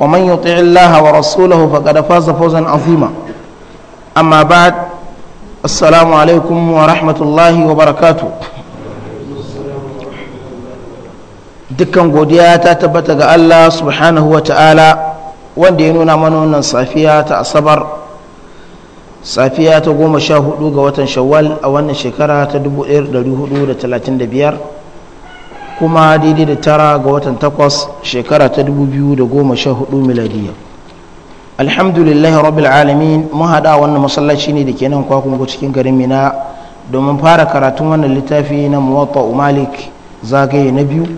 ومن يطع الله ورسوله فقد فاز فوزا عظيما أما بعد السلام عليكم ورحمة الله وبركاته dukkan godiya ta tabbata ga Allah subhanahu wa ta'ala wanda ya nuna mana wannan safiya ta asabar safiya ta goma sha hudu ga watan shawwal a wannan shekara ta 1435 kuma daidai da tara ga watan takwas shekara ta dubu biyu da goma sha 2014 miladiyya alhamdulillahi rabbil alamin mun hada wannan masallaci ne da ke nan ku cikin garin mina domin fara karatun wannan littafi na muwatta malik zagaye na biyu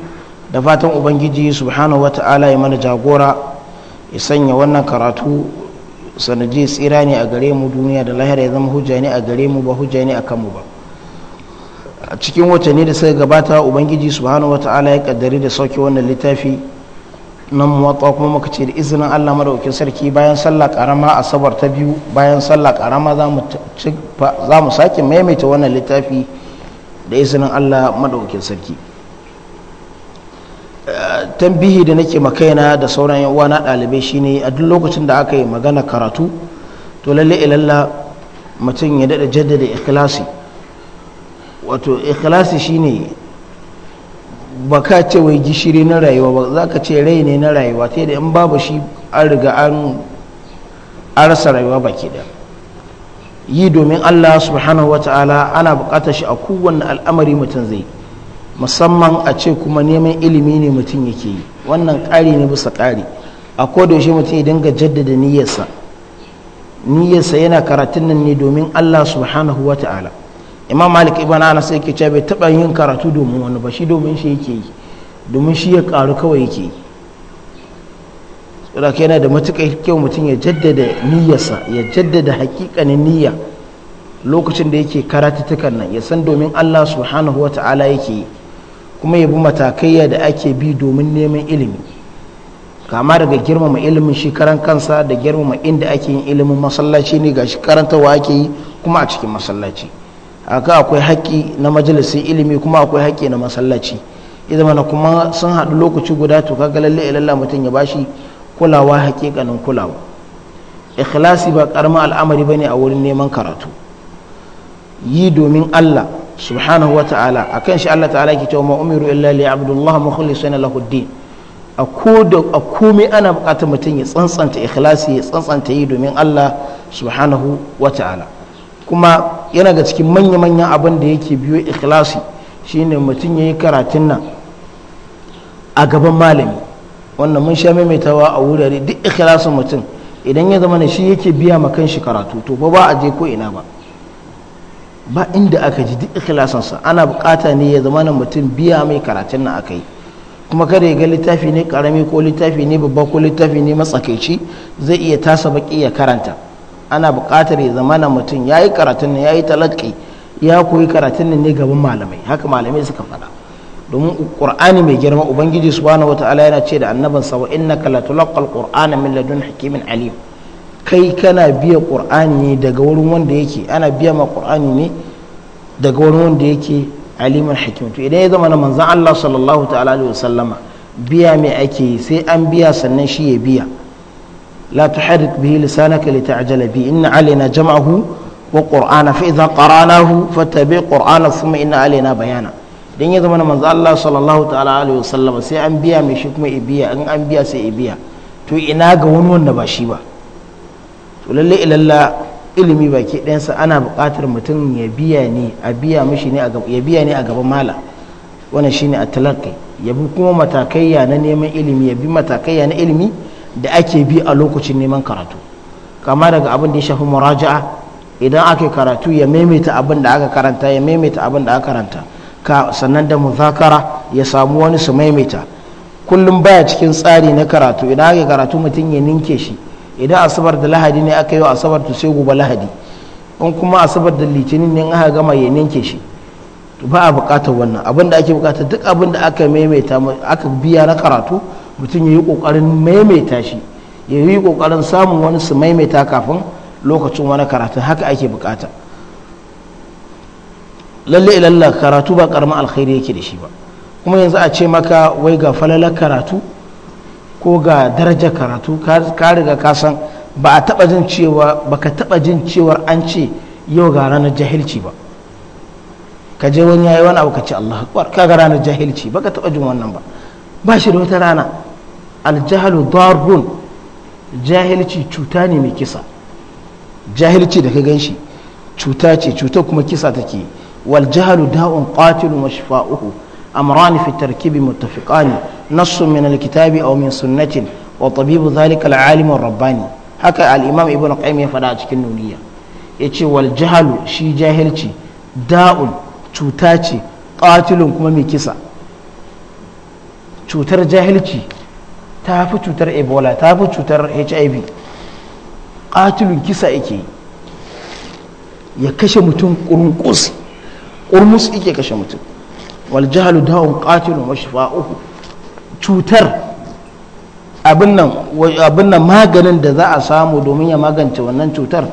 da fatan ubangiji subhanahu wata'ala ya mana jagora ya sanya wannan karatu sanadiyar tsira ne a gare mu duniya da lahira ya zama hujja ne a gare mu ba hujja ne a kanmu ba a cikin watanni da suka gabata ubangiji subhanahu ala ya kaddari da sauke wannan littafi nan muwatta kuma muka ce da izinin Allah maɗaukin sarki bayan sallah karama asabar ta biyu bayan sallah karama za mu sake maimaita wannan littafi da izinin Allah madaukin sarki eh, tambihi da nake makaina da sauran uwa na ɗalibai shine a duk lokacin da aka yi magana karatu to lalle ilalla mutum ya daɗa jaddada ikilasi. wato ikhlasi shine ba ka ce wai gishiri na rayuwa ba za ka ce rai ne na rayuwa ta da in babu shi an riga an arsa rayuwa baki da yi domin allah subhanahu wa ta'ala ana bukatar shi a kowane al'amari mutum zai musamman a ce kuma neman ilimi ne mutum yake yi wannan ƙari ne bisa ƙari a kodayaushe mutum ya dinga jaddada niyyarsa niyyarsa yana karatun nan ne domin allah subhanahu wa ta'ala imam malik ibn anas yake ce bai taba yin karatu domin wani ba shi domin shi yake yi domin shi ya karu kawai yake yi saboda yana da matuƙa kyau mutum ya jaddada niyyarsa ya jaddada hakikanin niyya lokacin da yake karatutukan nan ya san domin Allah subhanahu wa ta'ala yake yi kuma ya bi matakaiya da ake bi domin neman ilimi kama daga girmama ilimin shi karan kansa da girmama inda ake yin ilimin masallaci ne ga shi karantarwa ake yi kuma a cikin masallaci aka akwai haƙƙi na majalisin ilimi kuma akwai haƙƙi na masallaci idan mana kuma sun haɗu lokaci guda to kaga lalle ilalla mutum ya bashi kulawa haƙiƙanin kulawa ikhlasi ba ƙaramin al'amari bane a wurin neman karatu yi domin Allah subhanahu wa ta'ala akan shi Allah ta'ala ke cewa ma umiru illa li abdullah mukhlisina lahu din a komai ana bukatar mutum ya tsantsanta ikhlasi ya tsantsanta yi domin Allah subhanahu wa ta'ala kuma yana ga cikin manya-manyan abin da yake biyo ikhlasi shine mutum ya yi karatun nan a gaban malami wannan mun sha maimaitawa a wurare duk ikhlasin mutum idan ya zama shi yake biya ma shi karatu to ba ba a je ko ina ba ba inda aka ji duk ikhlasansa ana bukata ne ya zama na mutum biya mai karatun nan aka yi kuma kada ya ga littafi ne karami ko littafi ne babba ko littafi ne matsakaici zai iya tasa baki ya karanta ana buƙatar ya zama na mutum ya yi karatun ya yi talaki ya koyi karatun ne gaban malamai haka malamai suka faɗa domin ƙurani mai girma ubangiji subhanahu wata'ala yana ce da annabin sa wa innaka latulaqal qur'ana min ladun hakimin alim kai kana biya qur'ani ne daga wurin wanda yake ana biya ma qur'ani ne daga wurin wanda yake alimin hakim to idan ya zama na manzon Allah sallallahu ta'ala alaihi wasallama biya mai ake sai an biya sannan shi ya biya لا تحرك به لسانك لتعجل به إن علينا جمعه وقرآن فإذا قرأناه فاتبع قرآن ثم إن علينا بيانا دين يضمن من manzo Allah sallallahu ta'ala alaihi wasallam sai an biya mai shi kuma ibiya in an biya sai ibiya to ina ga إلا الله ilimi baki ɗayansa ana buƙatar mutum ya biya ne a biya mishi ne a ya biya ne a gaban mala wannan shine at-talaqqi ya bi kuma matakai ya na neman ilimi ya bi matakai ya na ilimi da ake bi a lokacin neman karatu kama daga abin da ya shafi muraja'a idan aka karatu ya maimaita abin da aka karanta ya maimaita abin da aka karanta ka sannan da muzakara ya samu wani su maimaita kullum baya cikin tsari na karatu idan aka karatu mutum ya ninke shi idan asabar da lahadi ne aka yi asabar to sai gobe lahadi in kuma asabar da litinin ne aka gama ya ninke shi ba a bukatar wannan abin da ake bukatar duk abin da aka maimaita aka biya na karatu mutum ya yi ƙoƙarin maimaita shi ya yi ƙoƙarin samun wani su maimaita kafin lokacin wani karatu haka ake bukata lalle ilalla karatu ba karamin alkhairi yake da shi ba kuma yanzu a ce maka wai ga falalar karatu ko ga daraja karatu ka riga kasan san ba a taba jin cewa ba ka taba jin cewar an ce yau ga ranar jahilci ba ka je wani yayi wani abu ka ce Allah akbar ka ga ranar jahilci ba ka taba jin wannan ba ba shi da wata rana aljahalu darbun jahilci cuta ne mai kisa jahilci da ka gan shi cuta ce cuta kuma kisa take wal jahalu da'un qatilun wa amrani fi tarkibi muttafiqani nassun min alkitabi aw min sunnatin wa tabibu dhalika alalim rabbani haka alimam ibnu qayyim ya fada a cikin nuniya yace wal jahalu shi jahilci da'un cuta ce qatilun kuma mai kisa cutar jahilci ta fi cutar ebola ta fi cutar hiv katilun kisa yake ya kashe mutum kurmus kurmus yake kashe mutum waljahalu katilun wa cutar abin nan maganin da za a samu domin ya magance wannan cutar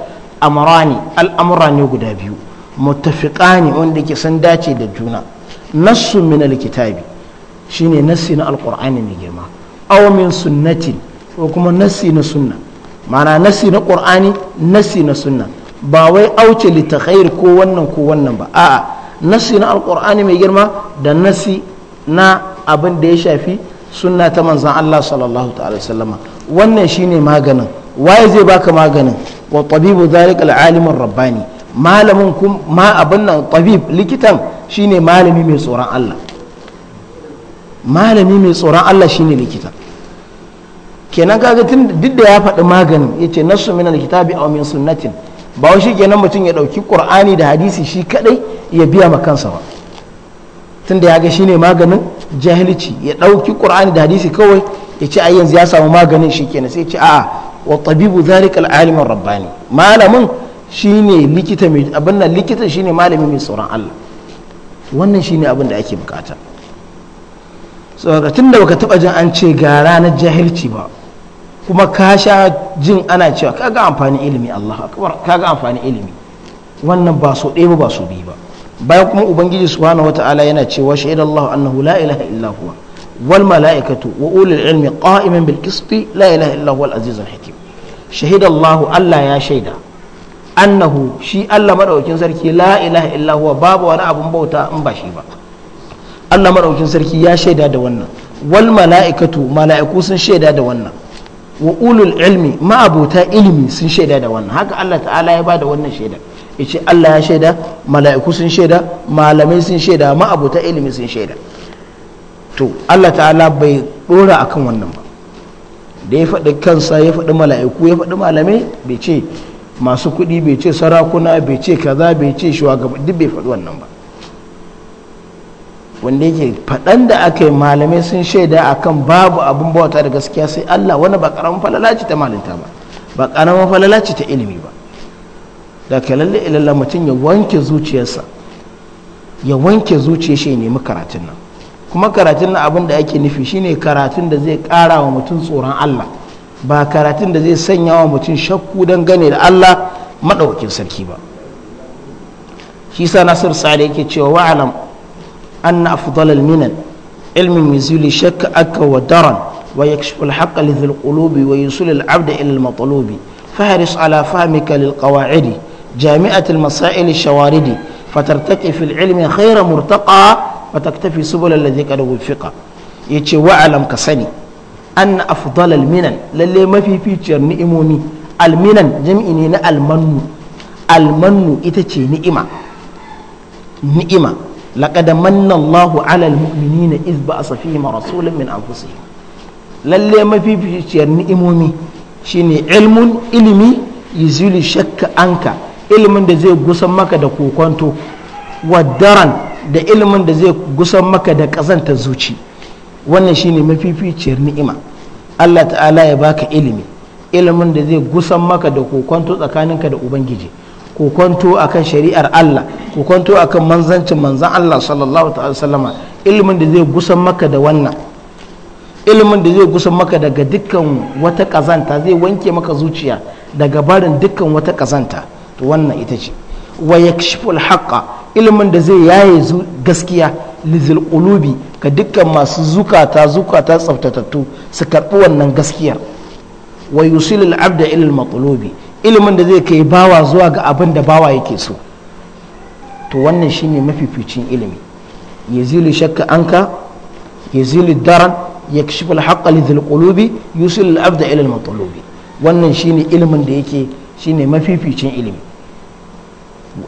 amurani al'amura ne guda biyu mutafiƙani wanda ke sun dace da juna nassu min alkitabi shine nassi na alƙur'ani mai girma awamin sunnatin ko kuma nasi na sunna mana nasi na qur'ani nasi na sunna ba wai auce litakhair ko wannan ko wannan ba a'a nasi na alqur'ani mai girma da nasi na abin da ya shafi sunna ta manzan Allah sallallahu ta'ala sallama wannan shine maganin waye zai baka maganin wa tabibu zalika al'alimin rabbani malamin kun ma abin nan tabib likitan shine malami mai tsoron Allah malami mai tsoron Allah shine likitan. kenan kaga tun duk da ya faɗi maganin ce nasu min alkitabi aw min sunnatin ba wai kenan mutum ya dauki qur'ani da hadisi shi kadai ya biya ma kansa ba tunda ya ga shine maganin jahilci ya dauki qur'ani da hadisi kawai ya ce ai yanzu ya samu maganin shi kenan sai ya ce a'a wa tabibu zalikal alimur rabbani malamin shine likita mai abin nan likita shine malami mai tsoron Allah wannan shine abin da ake bukata saboda tunda baka taba jin an ce gara na jahilci ba kuma ka sha jin ana cewa kaga amfanin ilimi Allah akbar kaga amfanin ilimi wannan ba so ɗaya ba ba so biyu ba bayan kuma ubangiji subhanahu wataala yana cewa shaida Allah annahu la ilaha illa huwa wal malaikatu wa ulul ilmi qa'iman bil qisti la ilaha illa huwa al azizul hakim shahida Allah ya shaida annahu shi Allah madaukin sarki la ilaha illa huwa babu wani abun bauta in ba shi ba Allah madaukin sarki ya shaida da wannan wal malaikatu mala'iku sun shaida da wannan wa ulul ilmi ma'abuta ilimi sun shaida da wannan haka Allah ta'ala ya bada wannan shaida ya ce Allah ya shaida mala'iku sun shaida malamai sun shaida ma'abuta ilimi sun shaida to Allah ta'ala bai dora akan wannan ba da ya faɗi kansa ya faɗi mala'iku ya faɗi malamai bai ce masu kuɗi bai ce sarakuna bai ce kaza bai ce shugaba duk bai faɗi wannan ba wanda yake faɗan da aka yi malamai sun shaida akan babu abin bauta da gaskiya sai Allah wani ba ƙaramin falala ce ta malinta ba ba ƙaramin falala ce ta ilimi ba da ka lalle ilallah mutum ya wanke zuciyarsa ya wanke zuciyar shi nemi karatun nan kuma karatun nan abin da ake nufi shine karatun da zai ƙara wa mutum tsoron Allah ba karatun da zai sanya wa mutum shakku don gane da Allah maɗaukin sarki ba shi sa nasir sale yake cewa wa'alam أن أفضل المنن علم يزيل الشك أك ودرا ويكشف الحق لذي القلوب ويوصل العبد إلى المطلوب فهرس على فهمك للقواعد جامعة المسائل الشوارد فترتقي في العلم خير مرتقى وتكتفي سبل الذي قد وفق يتي وعلم كسني أن أفضل المنن للي ما في فيتشر نئمومي المنن جمعيني المنو المنو إتتي نئمة نئمة laqad manna Allahu 'alal mu'minina iz ba'asa fihim rasulan min anfusihim lalle mafificiyar ni'imomi shine ilmun ilimi yuzili shakka anka ilimin da zai gusan maka da kokonto waddaran da ilimin da zai gusan maka da kazanta zuci wannan shine mafificiyar ni'ima Allah ta'ala ya baka ilimi ilimin da zai gusan maka da kokonto tsakaninka da ubangiji kukwanto a akan shari'ar Allah kukwanto a akan manzancin manzan Allah sallallahu ta'ala sallama ilimin da zai gusan maka da wannan ilimin da zai gusan maka daga dukkan wata kazanta zai wanke maka zuciya daga barin dukkan wata kazanta to wannan ita ce wa yakshiful haqqa ilimin da zai yaye gaskiya lizil qulubi ga dukkan masu zukata zukata tsaftatattu su karɓi wannan gaskiyar wa yusilil abda ilil maqlubi ilimin da zai kai bawa zuwa ga abin da bawa yake so to wannan shine mafificin ilimi ya zili shakka anka zili daran ya kashi haqqa lizil qulubi yusil al-abda ila al-matlubi wannan shine ilimin da yake shine mafificin ilimi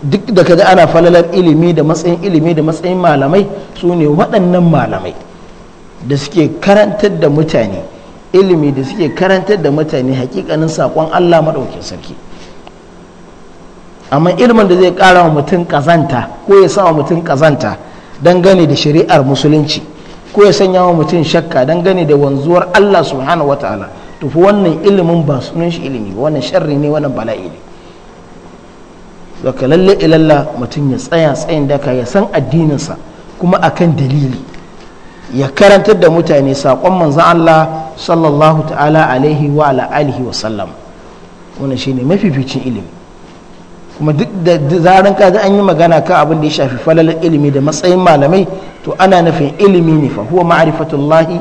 duk da kaga ana falalar ilimi da matsayin ilimi da matsayin malamai su ne waɗannan malamai da suke karantar da mutane ilimi da suke karantar da mutane hakikanin saƙon Allah maɗaukin sarki amma ilimin da zai ƙara wa mutum ƙazanta ko ya sa wa mutum ƙazanta dangane da shari'ar musulunci ko ya sanya wa mutum shakka dangane da wanzuwar Allah subhanahu wa ta'ala tufi wannan ilimin ba sunan shi ilimi wannan sharri ne wannan bala'i ne zaka lalle ilalla mutum ya tsaya tsayin daka ya san addininsa kuma akan dalili ya karantar da mutane saƙon manzan Allah sallallahu ta'ala alaihi wa alihi wa sallam wannan shine mafificin ilimi kuma duk da zaran ka an yi magana kan abin da ya shafi falalar ilimi da matsayin malamai to ana nufin ilimi ne fa huwa ma'rifatullahi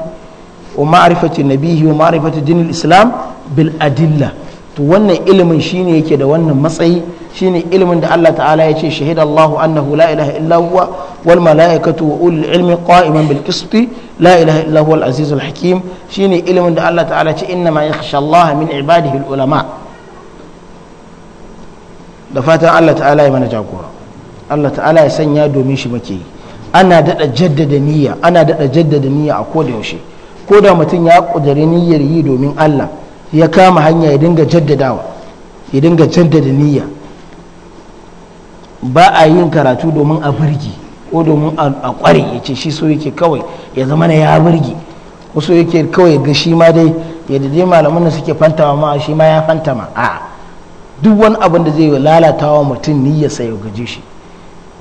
wa ma'rifatu nabihi wa ma'rifatu dinil islam bil adilla to wannan ilimin shine yake da wannan matsayi shine ilimin da Allah ta'ala ya ce shahida Allahu annahu la ilaha illa huwa wal malaikatu wa ulul ilmi qa'iman bil qisti la ilaha illa huwa al aziz al hakim shine ilimin da Allah ta'ala ce inna ma yakhsha Allah min ibadihi al ulama da fatan Allah ta'ala ya mana jagora Allah ta'ala ya sanya domin shi muke yi ana dada jaddada niyya ana dada jaddada niyya a koda yaushe ko da mutum ya kudiri niyyar yi domin Allah ya kama hanya ya dinga jaddadawa ya dinga jaddada niyya ba a yin karatu domin a birgi ko domin a kware ya ce shi so yake kawai ya zama na ya birgi ko so yake kawai ga shi ma dai ya dade malaman da suke fantama ma shi ma ya fantama a duk wani abin da zai lalata wa mutum niyya sai ya guji shi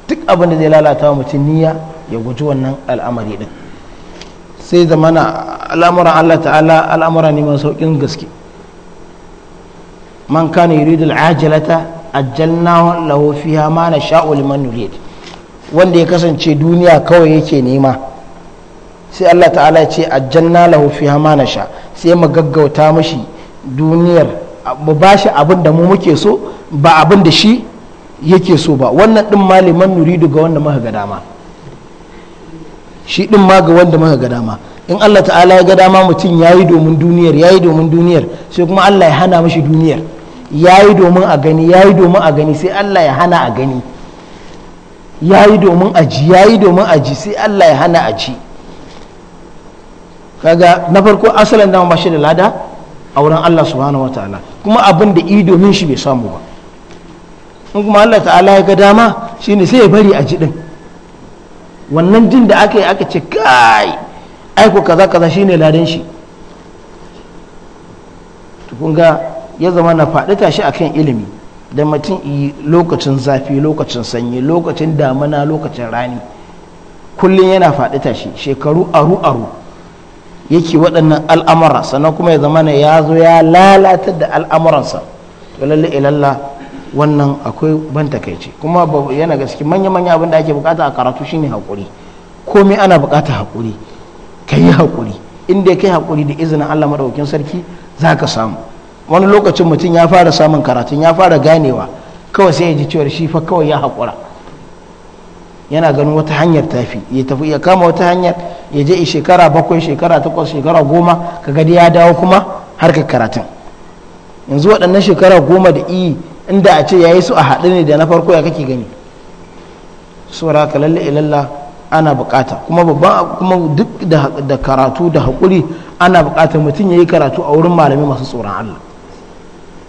duk abin da zai lalata wa mutum niyya ya guji wannan al'amari din sai zamana al'amuran Allah ta'ala al'amura ne masu sauƙin gaske man kana yuridu al'ajalata ajalna lahu fiha ma nasha'u liman nurid wanda ya kasance duniya kawai yake nema sai Allah ta'ala ya ce ajalna lahu fiha ma nasha sai mu gaggauta mashi duniyar mu bashi abin da mu muke so ba abin da shi yake so ba wannan din ma liman nuridu ga wanda muka ga dama shi din ma ga wanda muka ga dama in Allah ta'ala ya ga dama mutum yayi domin duniyar yayi yi domin duniyar sai kuma Allah ya hana mashi duniyar ya yi domin a gani ya yi domin a gani sai Allah ya hana a gani ya yi domin a ji ya yi domin a ji sai Allah ya hana a ci kaga na farko asalin dama shi da lada a wurin Allah subhanahu wataala kuma abin da i domin shi bai samu ba in kuma Allah ta'ala ya ga dama shine sai ya bari a ji din wannan jin da aka yi aka ce kai aiko kaza kaza shine ladan shi kun ga ya zama na faɗi tashi kan ilimi da mutum yi lokacin zafi lokacin sanyi lokacin damana lokacin rani kullum yana faɗi tashi shekaru aru aru yake waɗannan al'amura sannan kuma ya zama na ya zo ya lalatar da al'amuransa to lalle ilalla eh, wannan akwai ban takaici kuma yana gaske manya manya abin da ake bukata a karatu shine hakuri komai ana bukata hakuri ka yi hakuri inda kai hakuri da izinin Allah madaukakin sarki za ka samu wani lokacin mutum ya fara samun karatun ya fara ganewa kawai sai ya ji cewar shi fa kawai ya haƙura yana ganin wata hanyar tafi ya tafi ya kama wata hanyar ya je shekara bakwai shekara takwas shekara goma ka gadi ya dawo kuma harkar karatun yanzu waɗannan shekara goma da iyi inda a ce ya yi su a haɗu ne da na farko ya kake gani saboda ka lalle ilalla ana bukata kuma babban kuma duk da karatu da haƙuri ana bukatar mutum ya yi karatu a wurin malami masu tsoron Allah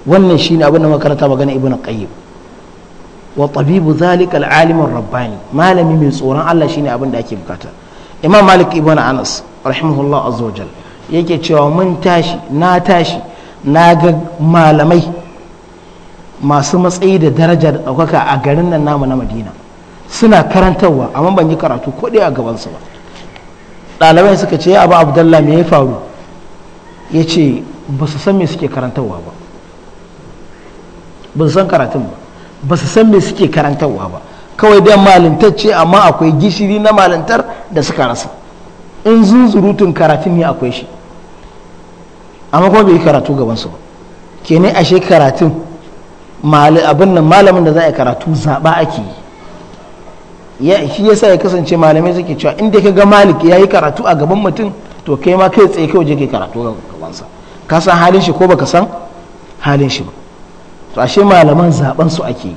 wannan shine abin da muka magana ibnu qayyim wa tabibu zalika al-alim rabbani malami mai tsoron Allah shine abin da ake bukata imam malik ibn anas rahimahullah azza wajal yake cewa mun tashi na tashi na ga malamai masu matsayi da daraja da ɗaukaka a garin nan namu na madina suna karantarwa amma ban yi karatu ko a gabansu ba ɗalibai suka ce abu abdallah me ya faru ya ce ba su san me suke karantarwa ba ba su san karatun ba ba su san me suke karantarwa ba kawai dai malintacce amma akwai gishiri na malintar da suka rasa in zunzurutun karatun ne akwai shi amma kuma bai yi karatu gabansu ba ke ne ashe karatun abin nan malamin da za a karatu zaɓa ake yi shi yasa ya kasance malamai suke cewa inda ka ga malik ya yi karatu a gaban mutum to kai ma kai tsaye kai waje kai karatu gabansa ka san halin shi ko baka san halin shi ba to ashe malaman zaben su ake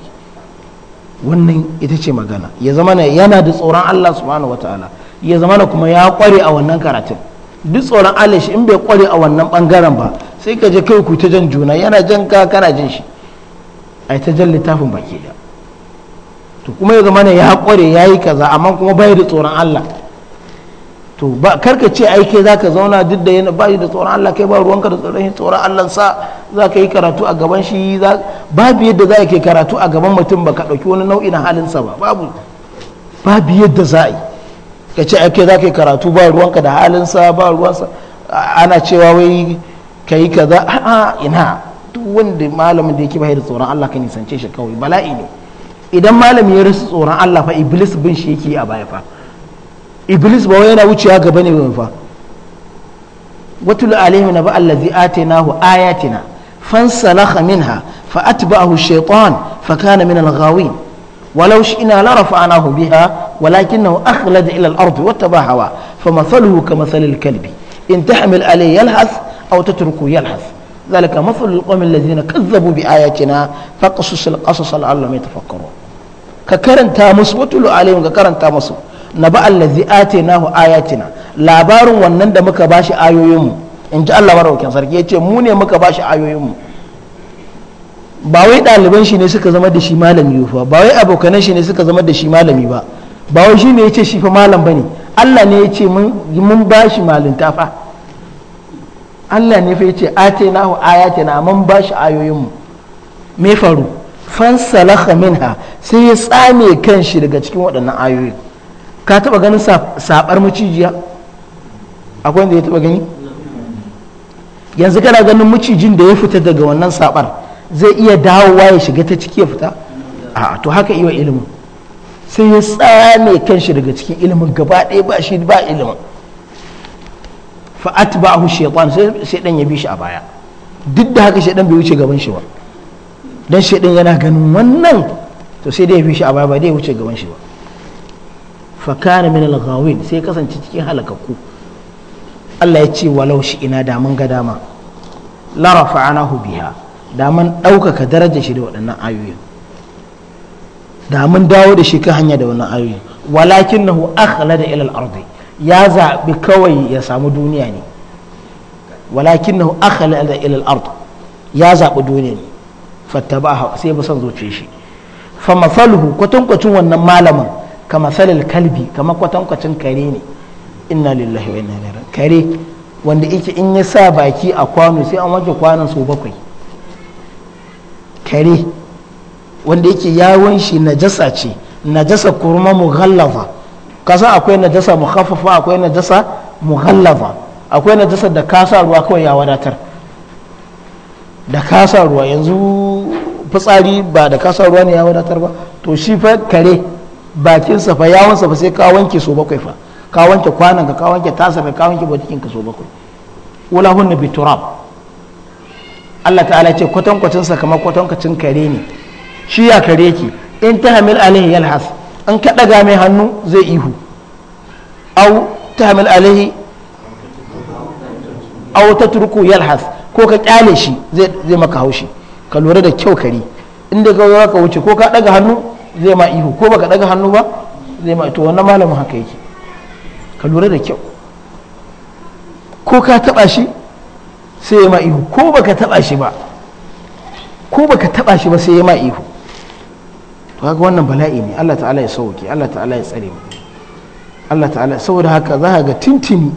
wannan ita ce magana ya zama yana da tsoron Allah subhanahu wataala ya zama kuma ya kware a wannan karatun duk tsoron Allah shi in bai kware a wannan bangaren ba sai ka je kai ku ta jan juna yana jan ka kana jin shi ai ta jan littafin baki da to kuma ya zama ya kware yayi kaza amma kuma bai da tsoron Allah to ba karka ce aike za ka zauna duk da yana bayi da tsoron Allah kai ba ruwanka da tsoron tsoron Allah sa za ka yi karatu a gaban shi babu yadda za ka yi karatu a gaban mutum ba ka ɗauki wani nau'in na halinsa ba babu babu yadda za yi ka ce aike za ka yi karatu ba ruwanka da halinsa ba ruwansa ana cewa wai ka yi kaza a'a ina duk wanda malamin da yake bayi da tsoron Allah ka nisance shi kawai bala'i ne idan malami ya rasa tsoron Allah fa iblis bin shi yake a baya fa iblis ba yana wucewa gaba ne ba fa watul alaihim na ba allazi atainahu ayatina fansalakha minha fa atba'ahu shaytan fa kana min al-ghawin ولو شئنا لرفعناه بها ولكنه أخلد إلى الأرض واتبع هوا فمثله كمثل الكلب إن تحمل عليه يلهث أو تتركه يلهث ذلك مثل القوم الذين كذبوا بآياتنا فقصص القصص لعلهم يتفكرون ككرن تامس وتلو عليهم ككرن تامس na ba na hu ayatina labarin wannan da muka ba shi ayoyinmu in ji Allah maraukin sarki ya ce mu ne muka ba shi ayoyinmu ba wai ɗaliban shi ne suka zama da shi malami ba ba wai abokanan shi ne suka zama da shi malami ba ba wai shi ne ya ce shi fa malam ba ne Allah ne ya ce mun bashi malinta fa Allah ne fa ya ce hu ayatina mun ba shi ayoyinmu me faru min minha sai ya tsame kanshi daga cikin waɗannan ayoyin ka taba ganin sabar macijiya akwai wanda ya taba gani yanzu kana ganin macijin da ya fita daga wannan sabar zai iya dawowa ya shiga ta ciki ya fita a to haka iya ilimin sai ya tsame kanshi daga cikin ilimin gaba ɗaya ba shi ba ilimin fa'at ba hu shaitan sai shaitan ya bi shi a baya duk da haka shaitan bai wuce gaban shi ba dan shaitan yana ganin wannan to sai dai ya bi shi a baya ba dai ya wuce gaban shi ba fakana min al-ghawin sai kasance cikin halakakku Allah ya ce walau shi ina da mun ga dama la rafa'anahu biha da mun ɗaukaka darajar shi da waɗannan ayoyin da mun dawo da shi kan hanya da wannan ayoyin walakinahu akhlada ila al-ardi ya zabi kawai ya samu duniya ne walakinahu akhlada ila al-ardi ya zabi duniya ne fattabaha sai ba san zuciye shi fa mafaluhu kwatankwacin wannan malamin kama salil kalbi kama kwatankwacin kare ne inna lillahi wa inna ilaihi kare wanda yake in ya sa baki a kwano sai an wanke kwanon sau bakwai kare wanda yake yawon shi najasa ce najasa kurma mughallafa kasa akwai najasa mukhaffafa akwai najasa mughallafa akwai najasa da kasa ruwa kawai ya wadatar da kasa ruwa yanzu fitsari ba da kasa ruwa ne ya wadatar ba to shi fa kare bakin safa yawon safa sai ka wanke so bakwai fa ka wanke kwanan ka ka wanke tasa ka ka wanke botikin ka so bakwai wala hunna bi turab Allah ta'ala ce kwatan kwatan sa kamar kwatan kwacin kare ne shi ya kare ki in ta hamil alaihi yalhas an ka daga mai hannu zai ihu au ta hamil alaihi au ta turku yalhas ko ka kyale shi zai maka haushi ka lura da kyau kare inda ka ka wuce ko ka daga hannu zai ma ihu ko baka daga hannu ba zai ma to wannan malamin haka yake ka lura da kyau ko ka taba shi sai ya ma ihu ko baka taba shi ba ko baka taba shi ba sai ya ma ihu to haka wannan bala'i ne Allah ta'ala ya sauke Allah ta'ala ya tsare mu Allah ta'ala saboda haka za ka ga tintini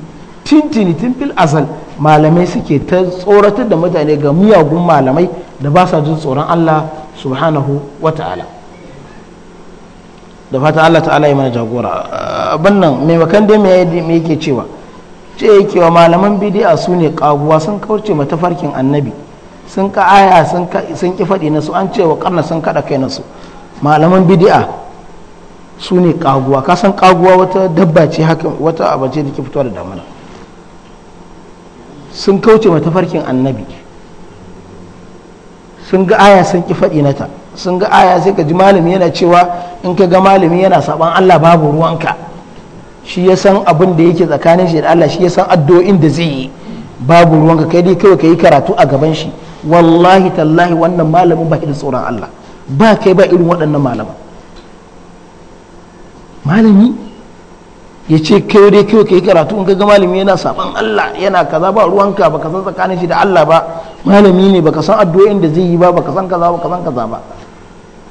tintini tun fil azal malamai suke ta tsoratar da mutane ga miyagun malamai da ba sa jin tsoron Allah subhanahu wa ta'ala da fata Allah ta'ala ya mana jagora abin nan maimakon da me yake cewa ce yake wa malaman bidiya su ne kaguwa sun kauce mata farkin annabi sun ka aya sun ki faɗi nasu an ce wa karna sun kaɗa kai nasu malaman bidiya su ne kaguwa ka san kaguwa wata dabba ce haka wata abace da ke fitowa da damana sun kauce mata farkin annabi sun ga aya sun ki faɗi nata sun ga aya sai ka ji malami yana cewa in ka ga malami yana saban Allah babu ruwanka shi ya san abin da yake tsakanin shi da Allah shi ya san addu'o'in da zai yi babu ruwanka kai dai kawai ka yi karatu a gaban shi wallahi tallahi wannan malamin ba da tsoron Allah ba kai ba irin waɗannan malama malami ya ce kai dai kawai ka yi karatu in ka ga malami yana saban Allah yana kaza ba ruwanka ba ka san tsakanin shi da Allah ba malami ne ba ka san addu'o'in da zai yi ba ba ka san kaza ba ka san kaza ba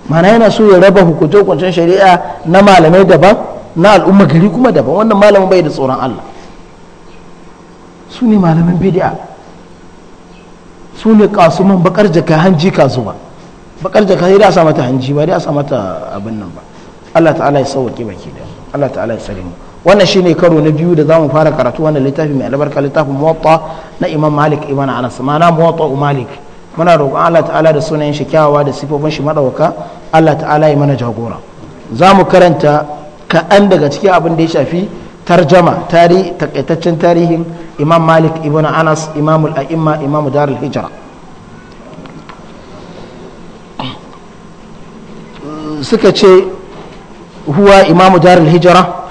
mana yana so ya raba hukunce hukuncen shari'a na malamai daban na al'umma gari kuma daban wannan malamin bai da tsoron Allah su ne malamin bid'a su ne kasuman bakar jaka hanji kasuwa bakar jaka sai da sa mata hanji ba da sa mata abin nan ba Allah ta'ala ya sauke baki da Allah ta'ala ya tsare mu wannan shine karo na biyu da zamu fara karatu wannan littafi mai albarka littafin muwatta na Imam Malik ibn Anas ma'ana muwatta Malik muna roƙon Allah ta'ala da sunayen shi kyawawa da sifofin shi madawaka Allah ta'ala ya mana jagora za mu karanta kaɗan daga cikin abin da ya shafi tarjama tarihi takaitaccen tarihin imam malik ibn anas imamul a'imma imamu darul hijra suka ce huwa imamu darul hijra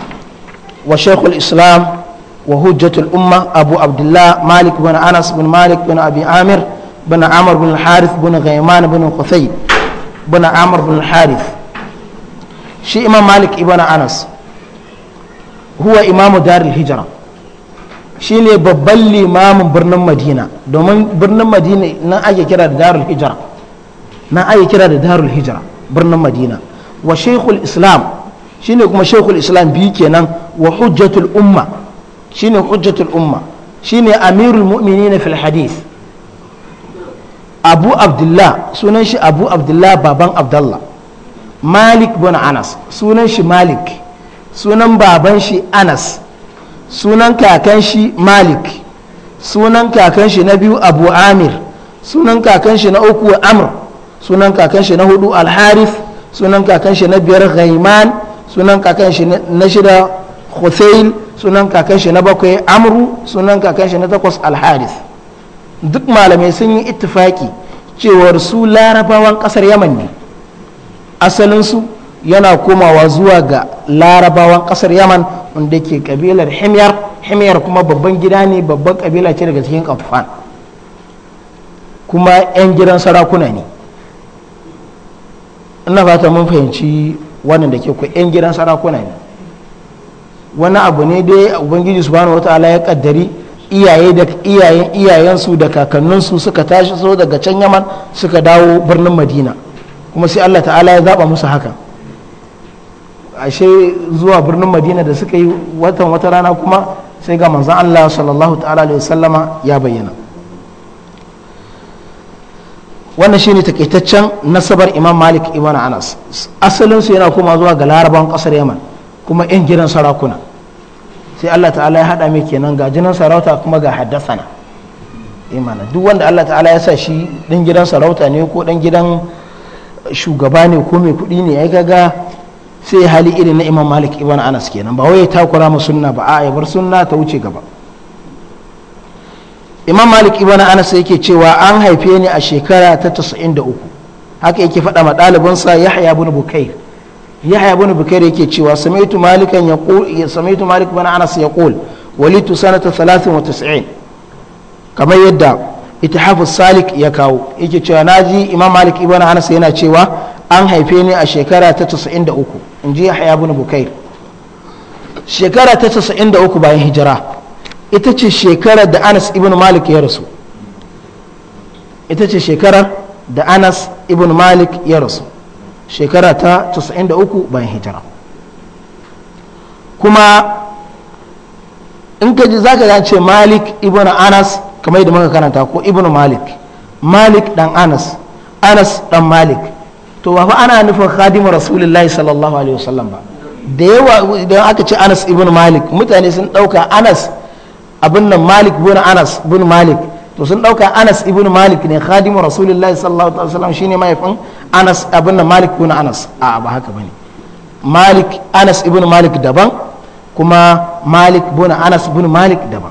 wa shaykhul islam wa hujjatul umma abu abdullah malik ibn anas ibn malik ibn abi amir بن عمرو بن الحارث بن غيمان بن خثي بن عمرو بن الحارث شي إمام مالك ابن أنس هو إمام دار الهجرة babban limamin birnin madina domin birnin madina nan ake kira da darul hijira nan birnin madina wa shaikhul islam shi kuma shaikhul islam biyu kenan wa hujjatul umma shi ne hujjatul umma shine amirul abu abdullah sunan shi abu abdullah baban abdullah malik bin anas sunan shi malik sunan baban shi anas sunan kakan shi malik sunan kakan shi na biyu abu amir sunan kakan shi na uku amr sunan kakan shi na hudu alharif sunan kakan shi na biyar ghaiman sunan kakan shi na shida hussein sunan kakan shi na bakwai amru sunan kakan shi na takwas alharif. duk malamai sun yi ittifaki cewar su larabawan kasar yaman ne asalinsu yana komawa zuwa ga larabawan kasar yaman wanda ke kabilar himyar himyar kuma babban gida ne babban kabila ce daga cikin kafan kuma 'yan gidan sarakuna ne ina fata mun fahimci wannan da ke ku 'yan gidan sarakuna ne wani abu ne dai ubangiji subhanahu ta'ala ya kaddari iyaye da iyayen iyayensu da kakanninsu suka tashi so daga can yaman suka dawo birnin madina kuma sai allah ta'ala ya zaba musu haka ashe zuwa birnin madina da suka yi watan wata rana kuma sai ga manzan allah sallallahu ta'ala alaihi wasallama ya bayyana wannan shine takaitaccen nasabar imam malik ibn anas asalinsu yana kuma zuwa ga laraban kasar yaman kuma yan gidan sarakuna sai Allah ta'ala ya haɗa mai kenan ga jinin sarauta kuma ga haddasana imana eh, duk wanda Allah ta'ala ya sa shi ɗan gidan sarauta ne ko ɗan gidan shugaba ne ko mai kuɗi ne ya gaga sai hali irin na imam malik ibn anas kenan ba wai ya takura mu sunna ba a bar sunna ta wuce gaba imam malik ibn anas yake cewa an haife ni a shekara ta 93 haka yake faɗa ma ɗalibinsa yahya ibn bukair yahya ibn bukair yake cewa samaitu malikan yaqul samaitu malik ibn anas yaqul walitu sanata 93 kamar yadda itihaf salik ya kawo yake cewa naji imam malik ibn anas yana cewa an haife ni a shekara ta 93 inji yahya ibn bukair shekara ta 93 bayan hijira ita ce shekarar da anas ibn malik ya rasu ita ce shekara da anas ibn malik ya rasu shekara ta 93 bayan hijira kuma in ka ji za ka ce malik ibn anas kamar yadda muka karanta ko ibn malik malik dan anas anas dan malik to ba fa ana nufin khadimu rasulullahi sallallahu alaihi wasallam ba da yawa idan aka ce anas ibn malik mutane sun dauka anas abin nan malik ibn anas ibn malik to sun dauka anas ibn malik ne khadimu rasulullahi sallallahu alaihi wasallam shine mahaifin anas abin nan malik ibn anas a ba haka bane malik anas ibn malik daban kuma malik ibn anas ibn malik daban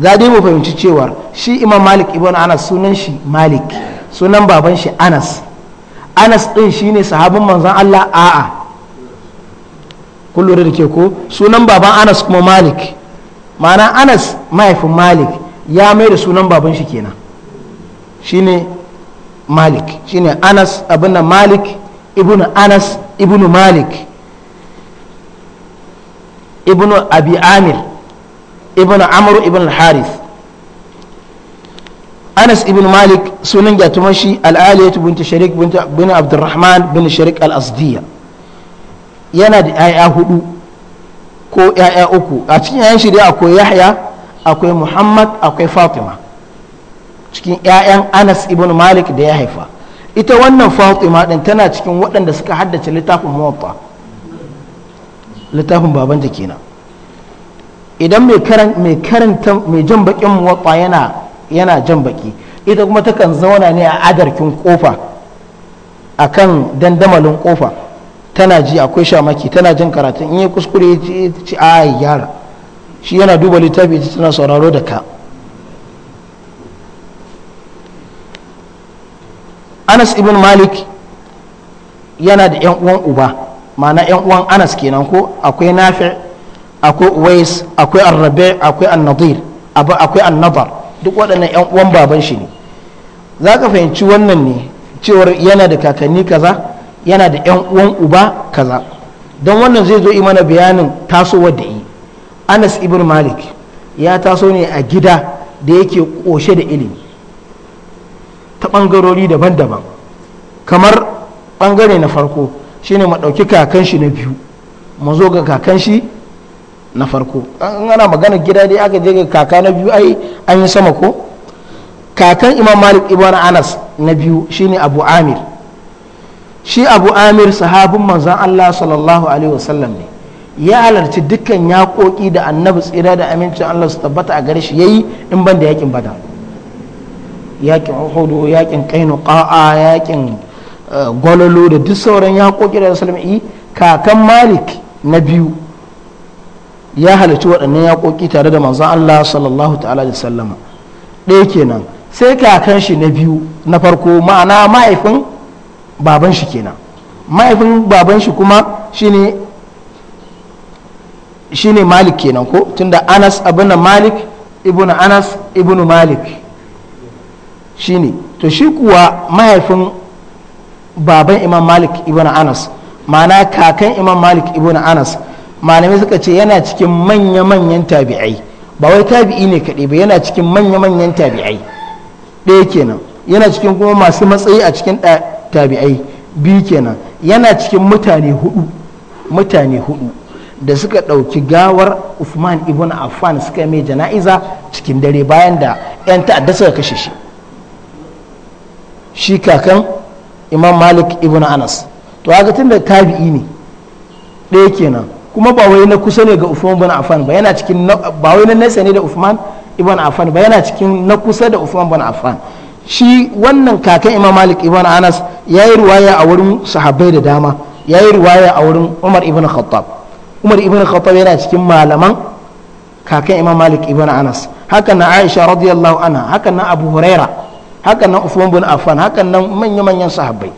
za dai mu fahimci cewar shi imam malik ibn anas sunan shi malik sunan baban shi anas anas din shine sahabin manzon Allah a'a kun da ke ko sunan baban anas kuma malik ma'ana anas mahaifin malik ya mai da sunan baban shi kenan shine malik shine anas abin malik ibnu anas ibnu malik ibnu abi amir ibnu amru ibn al-harith anas ibn malik sunan gyatuman shi al'aliyatu binti sharik bin abdurrahman bin sharik al-asdiya yana da 'ya'ya hudu ko 'ya'ya uku a cikin 'ya'yan shirya akwai yahya akwai muhammad akwai fatima cikin 'ya'yan anas ibn malik da ya haifa ita wannan fatima din tana cikin waɗanda suka haddace littafin muwatta littafin babanta kenan idan mai karanta mai jan bakin muwatta yana jan baki ita kuma takan zauna ne a adarkin kofa akan dandamalin kofa tana ji akwai shamaki tana jin karatu in yi kuskure ya ci a gyara shi yana duba littafi tana sauraro da ka anas ibn malik yana da yan uwan uba ma'ana yan uwan anas kenan ko akwai nafi akwai uwais akwai arrabe akwai annadir akwai annadar duk waɗannan yan uwan baban shi ne za ka fahimci wannan ne cewar yana da kakanni kaza yana da yan uwan uba kaza don wannan zai zo mana bayanin tasowar da yi anas ibn malik ya taso ne a gida da yake ƙoshe da ilimi ta ɓangarori daban-daban kamar ɓangare na farko shine mu ɗauki kakan shi na biyu mu zo ga kakan shi na farko an ana magana gida dai aka je ga kaka na biyu ai an yi sama ko kakan imam malik ibn anas na biyu shine abu amir shi abu amir sahabin manzan allah sallallahu alaihi wasallam ne ya halarci dukkan yaƙoƙi da annabi tsira da amincin allah su tabbata a gare shi yi in ban da yakin badar yakin uhudu yakin ƙa'a yakin eh, gwalolo da duk sauran yakoki da sallallahu kakan malik na biyu ya halarci waɗannan yakoki tare da manzon Allah sallallahu ta'ala da sallama ɗaya kenan sai kakan shi na biyu na farko ma'ana mahaifin baban shi kenan mahaifin baban shi kuma shine shine malik kenan ko tunda anas abin malik ibn anas ibnu malik shine to shi kuwa mahaifin baban imam malik ibn anas ma'ana kakan imam malik ibn anas malamai suka ce yana cikin manya-manyan tabi'ai ba wai tabi'i ne kaɗai ba yana cikin manya-manyan tabi'ai ɗaya kenan yana cikin kuma masu matsayi a cikin tabi'ai biyu kenan yana cikin mutane hudu mutane hudu da suka ɗauki gawar Uthman ibn afan suka mai jana'iza cikin dare bayan da 'yan ta'adda suka kashe shi shi kakan imam malik ibn anas to haka tun da tabi'i ne ɗaya kenan kuma ba wai na kusa ne ga ufman ibn Affan ba yana cikin ba wai na nesa ne da ufman ibn Affan ba yana cikin na kusa da ufman ibn Affan shi wannan kakan Imam Malik ibn Anas yayi ruwaya a wurin sahabbai da dama yayi ruwaya a wurin Umar ibn Khattab Umar ibn Khattab yana cikin malaman kakan Imam Malik ibn Anas hakan na Aisha radiyallahu anha hakan na Abu Huraira hakan nan Uthman bin Affan hakan nan manya-manyan sahabbai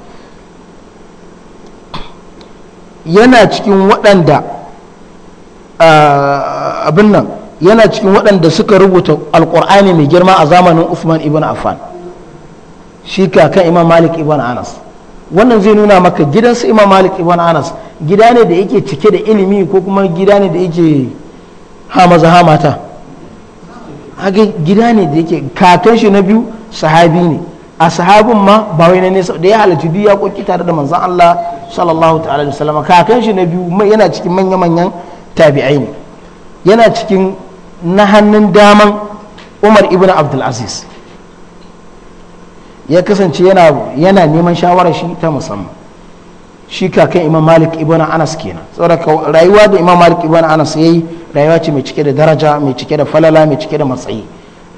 yana cikin waɗanda abin nan yana cikin waɗanda suka rubuta alƙur'ani mai girma a zamanin usman ibn Affan shi kakan Imam Malik ibn Anas wannan zai nuna maka gidansu Imam Malik ibn Anas gida ne da yake cike da ilimi ko kuma gida ne da yake hama maza ha mata gida ne da yake kakan shi na biyu sahabi ne a sahabin ma ba wai na nesa da ya halarci duk ya koki tare da manzon Allah sallallahu ta'ala alaihi wasallam kakan shi na biyu yana cikin manya manyan tabi'ai ne yana cikin na hannun daman Umar ibn Abdul Aziz ya kasance yana yana neman shawarar shi ta musamman shi kakan imam malik ibn anas kenan saboda rayuwa da imam malik ibn anas yayi rayuwa ce mai cike da daraja mai cike da falala mai cike da matsayi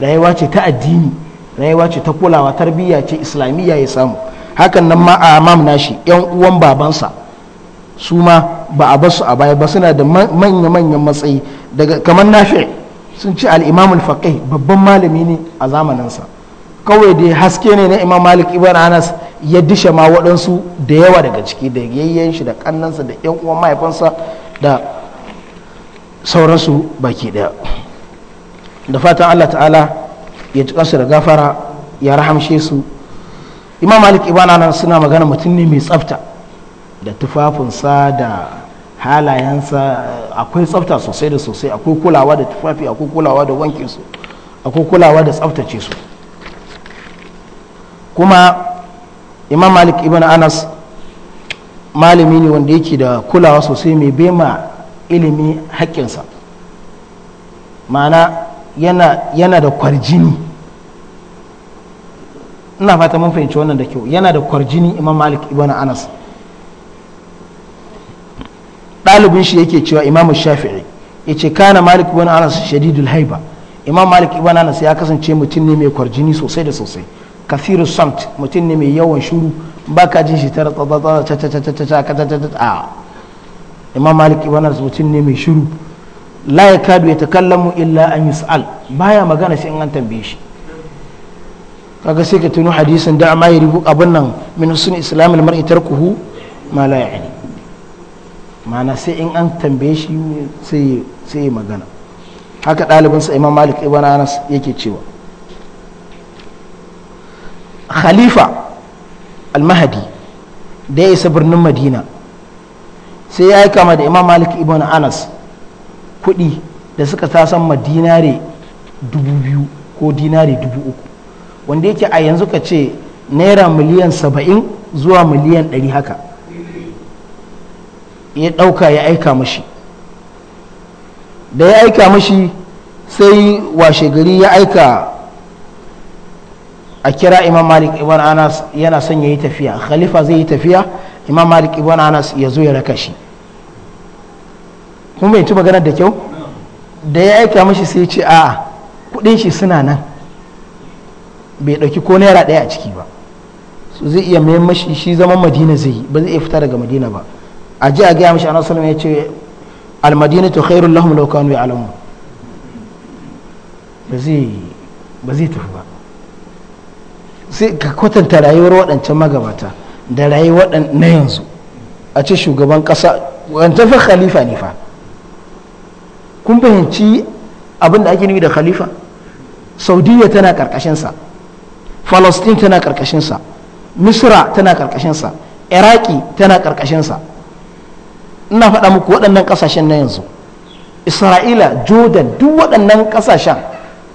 rayuwa ce ta addini rayuwa ce ta kulawa tarbiyya ce islamiyya ya samu hakan nan ma a amam nashi yan uwan babansa su ma ba a basu a baya ba suna da manya-manyan matsayi daga kamar nafi sun ci al-imamul babban malami ne a zamaninsa kawai da haske ne na imam malik ibn anas ya dishe ma waɗansu da yawa daga ciki da yayyen shi da kannansa da yan uwan mahaifansa da sauransu baki ɗaya da fatan allah ta'ala ya ji kasu da gafara ya rahamshe su imam malik ibana nan suna magana mutum ne mai tsafta da tufafinsa da halayensa akwai tsafta sosai da sosai akwai kulawa da tufafi akwai kulawa da wanke su akwai kulawa da tsaftace su kuma imam malik ibn anas malami ne wanda yake da kulawa sosai mai bema ilimi haƙƙinsa ma'ana yana da kwarjini ina fata mun fahimci wannan da kyau yana da kwarjini imam malik ibn anas ɗalibin shi yake cewa imam shafi'i ya ce kana malik ibn anas shadidul haiba imam malik ibn anas ya kasance mutum ne mai kwarjini sosai da sosai kafiru samt mutum ne mai yawan shuru ba ka jin shi ta imam malik ibn anas mutum ne mai shuru la ya kadu ya takallamu illa an yus'al baya magana sai in an tambaye shi kaga sai ka tuno hadisin da ma yaribu abin nan min husn islamil mar'i tarkuhu ma la ya'ni mana sai in an tambaye shi sai sai magana haka ɗalibinsa imam malik ibn anas yake cewa khalifa al-mahdi da ya isa birnin madina sai ya yi kama da imam malik ibn anas kuɗi da suka san ma dinare dubu biyu ko dinare dubu uku wanda yake a yanzu ka ce naira miliyan saba'in zuwa miliyan ɗari haka ya ɗauka ya aika mashi da ya aika mashi sai washe gari ya aika a kira imam malik ibn anas yana son ya yi tafiya khalifa zai yi tafiya imam malik ibn anas ya zo ya raka shi kuma bai ci magana da kyau da ya aika mashi sai ce a'a kudin shi suna nan bai dauki ko naira daya a ciki ba su zai iya mai mashi shi zaman madina zai yi ba zai iya fita daga madina ba a ji a gaya mashi anas sallama ya ce almadina to khairun lahum law kanu ya'lamun ba zai tafi ba sai ka kwatanta rayuwar waɗancan magabata da rayuwar na yanzu a ce shugaban ƙasa wancan tafi khalifa ne fa kun fahimci abin da ake nufi da khalifa saudiya tana karkashinsa falastin tana karkashinsa misra tana karkashinsa iraki tana karkashinsa ina faɗa muku waɗannan ƙasashen na yanzu isra'ila jordan duk waɗannan ƙasashen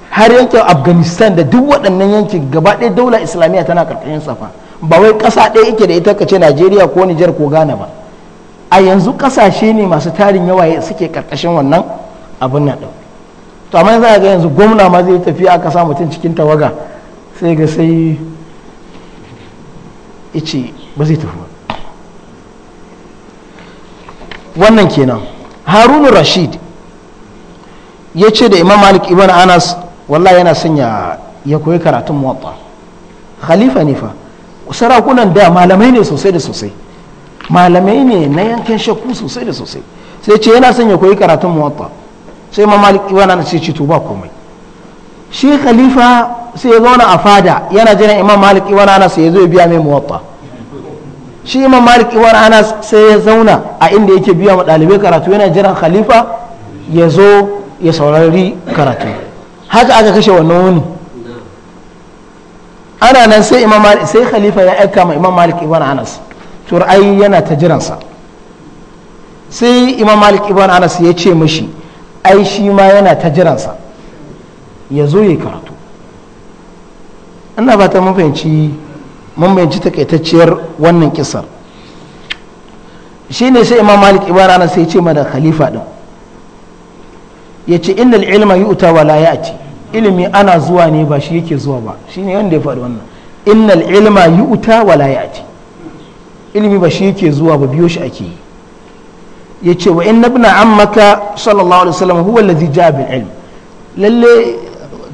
har yankin afghanistan da duk waɗannan yankin gaba ɗaya daular islamiyya tana karkashin safa ba wai ƙasa ɗaya yake da ita kace najeriya ko nijar ko ghana ba a yanzu ƙasashe ne masu tarin yawa suke karkashin wannan abin nan ɗin to amma yanzu ga yanzu gwamna ma zai tafi aka sa mutum cikin tawaga sai ga sai ice ba zai tafi wannan kenan harunu rashid ya ce da imam malik ibn anas wallah yana sanya ya koyi karatun muwatta khalifa ne fa sarakunan da malamai ne sosai da sosai malamai ne na yankin shakku sosai da sosai sai ce yana sanya koyi karatun muwatta sai ma maliki wannan sai ce to ba komai shi khalifa sai ya zauna a fada yana jiran imam malik ibn anas ya zo ya biya mai muwatta shi imam malik ibn anas sai ya zauna a inda yake biya ma ɗalibai karatu yana jiran khalifa ya zo ya saurari karatu haka aka kashe wannan wuni ana nan sai imam malik sai khalifa ya aika ma imam malik ibn anas to ra'ayi yana ta jiransa sai imam malik ibn anas ya ce mishi ai shi ma yana ta jiransa ya zo ya karatu ina ba ta mafayanci mafayanci takaitacciyar wannan kisar shi ne sai imam malik ibara na sai ce ma da khalifa din ya ce innal ilma yu'ta wa la ya'ti ilimi ana zuwa ne ba shi yake zuwa ba shi ne wanda ya faɗi wannan innal ilma yu'ta wa la ya'ti ilimi ba shi yake zuwa ba biyo shi ake yi ya ce wa in nabna ammaka sallallahu alaihi wasallam huwa allazi ja'a bil ilm lalle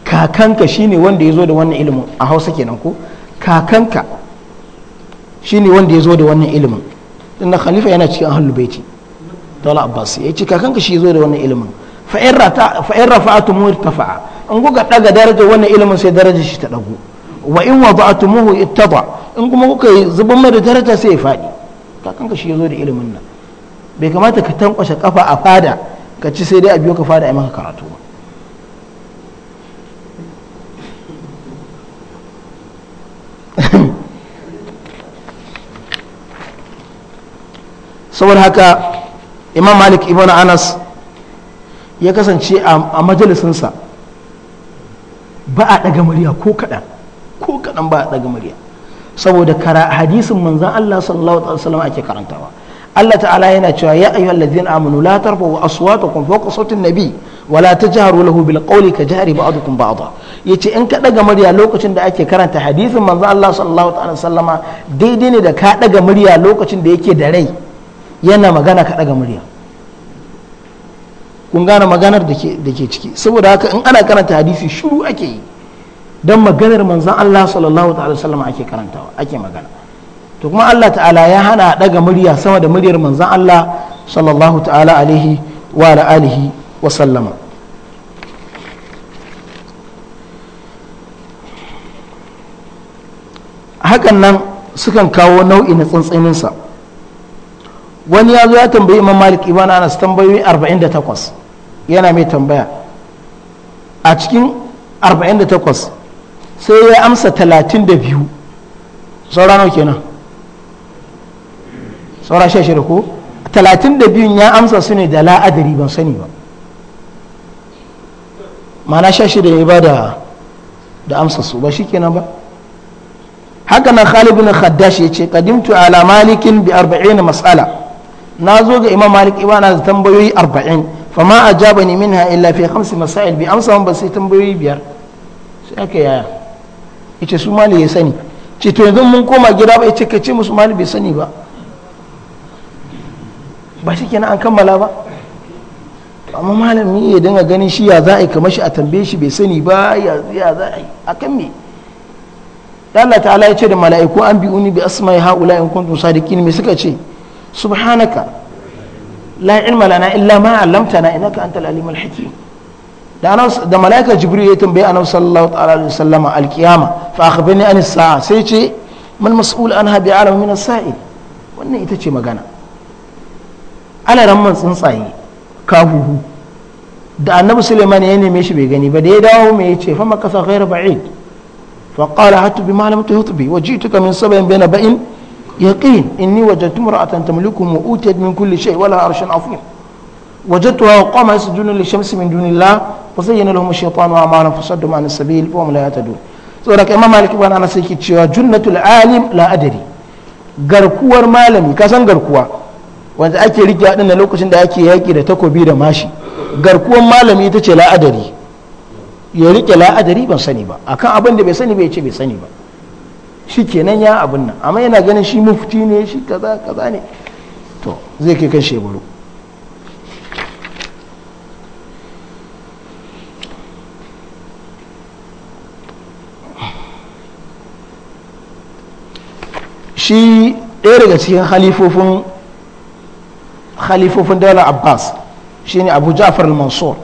kakanka shine wanda ya zo da wannan ilimin a Hausa kenan ko kakanka shine wanda ya zo da wannan ilimin inda khalifa yana cikin ahlul baiti dawla abbas ya ce kakanka shi ya zo da wannan ilimin fa in rata fa in rafa'atumu irtafa'a in kuka daga daraja wannan ilimin sai darajar shi ta dago wa in wada'tumuhu ittada in kuma kuka zubar mai da daraja sai ya faɗi kakanka shi ya zo da ilimin nan bai kamata ka tankwashe kafa a fada ka ci sai dai a biyo ka fada a maka karatu ba saboda haka imam malik ibn anas ya kasance a majalisinsa ba a ɗaga murya ko kaɗan ko kaɗan ba a ɗaga murya saboda hadisin manzan allah sallallahu alaihi wasallam ake karantawa Allah ta'ala yana cewa ya ayyuhal ladzina amanu la tarfa'u aswatakum fawqa sawtin nabi wa la tajharu lahu bil qawli ka jahri ba'dukum ba'dha yace in ka daga murya lokacin da ake karanta hadisin manzo Allah sallallahu ta'ala sallama daidai ne da ka daga murya lokacin da yake da rai yana magana ka daga murya kun gane maganar da ke ciki saboda haka in ana karanta hadisi shiru ake yi dan maganar manzon Allah sallallahu ta'ala sallama ake karantawa ake magana to kuma Allah ta'ala ya hana daga murya sama da muryar manzan Allah sallallahu ta'ala alaihi wa alihi wa sallama hakan nan sukan kawo nau'i na tsantsaninsa. wani ya zo ya tambayi imam malik ibn anas tambayoyi 48 yana mai tambaya a cikin 48 sai ya amsa 32 sauranau kenan saura sha shida ko talatin da biyun ya amsa su ne da la'adari ban sani ba mana sha shida ya ba da da amsa su ba shi kenan ba haka na khalibin bin khaddash ya ce qadimtu ala malikin bi 40 mas'ala na zo ga imam malik ibana da tambayoyi arba'in 40 fama ajabani minha illa fi khamsi masail bi amsa ba sai tambayoyi biyar sai aka yaya yace su mali ya sani ce to yanzu mun koma gida ba ya yace kace musu mali bai sani ba ba shi kenan an kammala ba amma malami ya dinga ganin shi ya za a yi kamar shi a tambaye shi bai sani ba ya za a yi a kan me Allah ta'ala ya ce da mala'iku an bi uni bi asma'i haula in kuntum sadiqin me suka ce subhanaka la ilma lana illa ma 'allamtana innaka antal alimul hakim da da mala'ika jibril ya tambaye annabi sallallahu ta'ala alaihi wasallama alqiyama fa akhbirni an as-sa'a sai ce mal mas'ul anha bi'alam min as-sa'il wannan ita ce magana ana ramman tsuntsaye kahuhu da annabi suleiman ya neme shi bai gani ba da ya dawo mai ya ce fa makasa ghairu ba'id fa qala hatu bi ma lam tuhti wa ji'tuka min sabayin bayna ba'in yaqin inni wajadtu imra'atan tamlikuhum wa utiyat min kulli shay wa laha shamsi min وجدتها وقوم يسجدون للشمس من دون الله وزين لهم الشيطان اعمالهم فصدهم عن السبيل وهم لا يهتدون saboda kai malik na anas yake cewa junnatul alim la adari garkuwar malami ka san garkuwa wanda ake rike haɗin da lokacin da ake yaƙi da takobi da mashi garkuwan malami ita ce la'adari ya rike la'adari ban sani ba akan abin da bai sani bai ce bai sani ba shi kenan ya abin nan amma yana ganin shi mufti ne shi kaza kaza ne to zai kai kan sheburu shi ɗaya daga cikin halifofin khalifofin daular abbas shine abu ja'far al-mansur